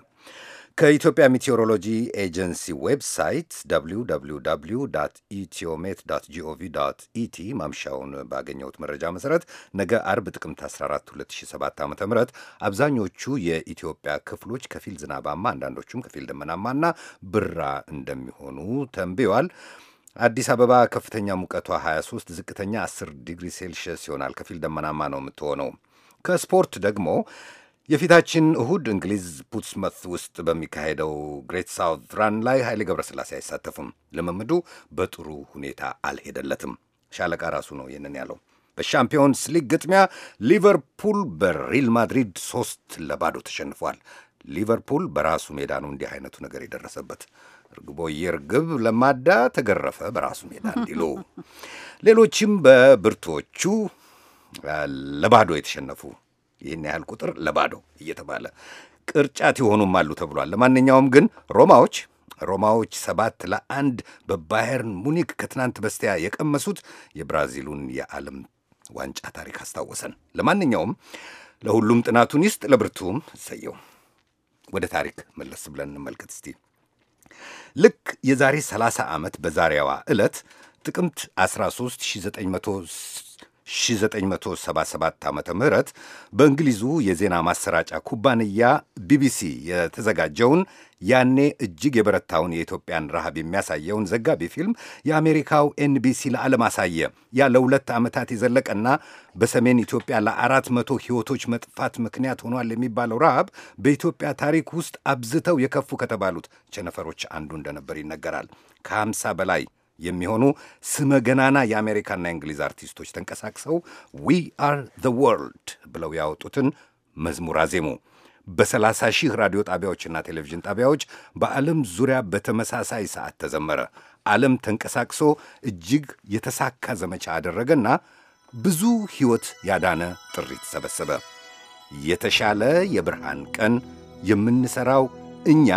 ከኢትዮጵያ ሜቴዎሮሎጂ ኤጀንሲ ዌብሳይት www ኢትዮሜት ጂኦቪ ኢቲ ማምሻውን ባገኘሁት መረጃ መሰረት ነገ አርብ ጥቅምት 14 2007 ዓ ም አብዛኞቹ የኢትዮጵያ ክፍሎች ከፊል ዝናባማ አንዳንዶቹም ከፊል ደመናማና ብራ እንደሚሆኑ ተንብዋል። አዲስ አበባ ከፍተኛ ሙቀቷ 23፣ ዝቅተኛ 10 ዲግሪ ሴልሽየስ ይሆናል። ከፊል ደመናማ ነው የምትሆነው። ከስፖርት ደግሞ የፊታችን እሁድ እንግሊዝ ፑትስመት ውስጥ በሚካሄደው ግሬት ሳውት ራን ላይ ኃይሌ ገብረስላሴ አይሳተፉም። ልምምዱ በጥሩ ሁኔታ አልሄደለትም። ሻለቃ ራሱ ነው ይህንን ያለው። በሻምፒዮንስ ሊግ ግጥሚያ ሊቨርፑል በሪል ማድሪድ ሶስት ለባዶ ተሸንፏል። ሊቨርፑል በራሱ ሜዳ ነው እንዲህ አይነቱ ነገር የደረሰበት። እርግቦዬ እርግብ ለማዳ ተገረፈ በራሱ ሜዳ እንዲሉ ሌሎችም በብርቶቹ ለባዶ የተሸነፉ ይህን ያህል ቁጥር ለባዶ እየተባለ ቅርጫት የሆኑም አሉ ተብሏል። ለማንኛውም ግን ሮማዎች ሮማዎች ሰባት ለአንድ በባየርን ሙኒክ ከትናንት በስቲያ የቀመሱት የብራዚሉን የዓለም ዋንጫ ታሪክ አስታወሰን። ለማንኛውም ለሁሉም ጥናቱን ይስጥ፣ ለብርቱም እሰየው። ወደ ታሪክ መለስ ብለን እንመልከት እስቲ። ልክ የዛሬ 30 ዓመት በዛሬዋ ዕለት ጥቅምት 13 1977 ዓ ም በእንግሊዙ የዜና ማሰራጫ ኩባንያ ቢቢሲ የተዘጋጀውን ያኔ እጅግ የበረታውን የኢትዮጵያን ረሃብ የሚያሳየውን ዘጋቢ ፊልም የአሜሪካው ኤንቢሲ ለዓለም አሳየ። ያ ለሁለት ዓመታት የዘለቀና በሰሜን ኢትዮጵያ ለአራት መቶ ሕይወቶች መጥፋት ምክንያት ሆኗል የሚባለው ረሃብ በኢትዮጵያ ታሪክ ውስጥ አብዝተው የከፉ ከተባሉት ቸነፈሮች አንዱ እንደነበር ይነገራል። ከ50 በላይ የሚሆኑ ስመ ገናና የአሜሪካና የእንግሊዝ አርቲስቶች ተንቀሳቅሰው ዊ አር ዘ ወርልድ ብለው ያወጡትን መዝሙር አዜሙ። በሰላሳ ሺህ ራዲዮ ጣቢያዎችና ቴሌቪዥን ጣቢያዎች በዓለም ዙሪያ በተመሳሳይ ሰዓት ተዘመረ። ዓለም ተንቀሳቅሶ እጅግ የተሳካ ዘመቻ አደረገና ብዙ ሕይወት ያዳነ ጥሪ ተሰበሰበ። የተሻለ የብርሃን ቀን የምንሠራው እኛ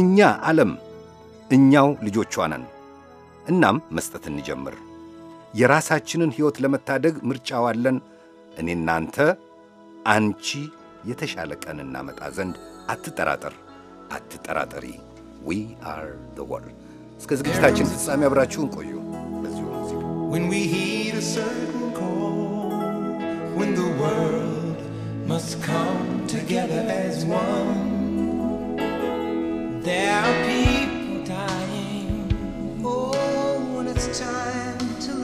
እኛ ዓለም እኛው ልጆቿ ነን። እናም መስጠት እንጀምር። የራሳችንን ሕይወት ለመታደግ ምርጫው አለን። እኔ፣ እናንተ፣ አንቺ የተሻለ ቀን እናመጣ ዘንድ አትጠራጠር፣ አትጠራጠሪ። ዊ አር ዘ ወርልድ። እስከ ዝግጅታችን ፍጻሜ አብራችሁን ቆዩ። must come together as one, there are people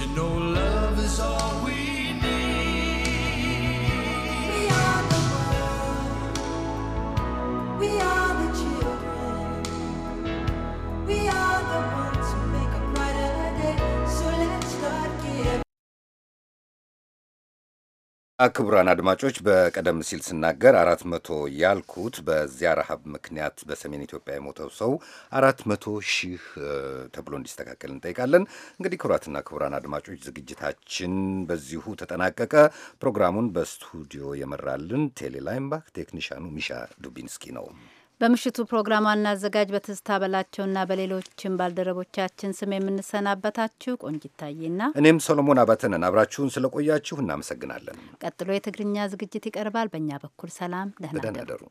You know love is all we ክቡራን አድማጮች በቀደም ሲል ስናገር አራት መቶ ያልኩት በዚያ ረሃብ ምክንያት በሰሜን ኢትዮጵያ የሞተው ሰው አራት መቶ ሺህ ተብሎ እንዲስተካከል እንጠይቃለን። እንግዲህ ክቡራትና ክቡራን አድማጮች ዝግጅታችን በዚሁ ተጠናቀቀ። ፕሮግራሙን በስቱዲዮ የመራልን ቴሌላይምባክ ቴክኒሻኑ ሚሻ ዱቢንስኪ ነው። በምሽቱ ፕሮግራም ዋና አዘጋጅ በትዝታ በላቸውና በሌሎችም ባልደረቦቻችን ስም የምንሰናበታችሁ ቆንጂት ታዬና እኔም ሰሎሞን አባተንን አብራችሁን ስለቆያችሁ እናመሰግናለን። ቀጥሎ የትግርኛ ዝግጅት ይቀርባል። በእኛ በኩል ሰላም፣ ደህና ደሩ።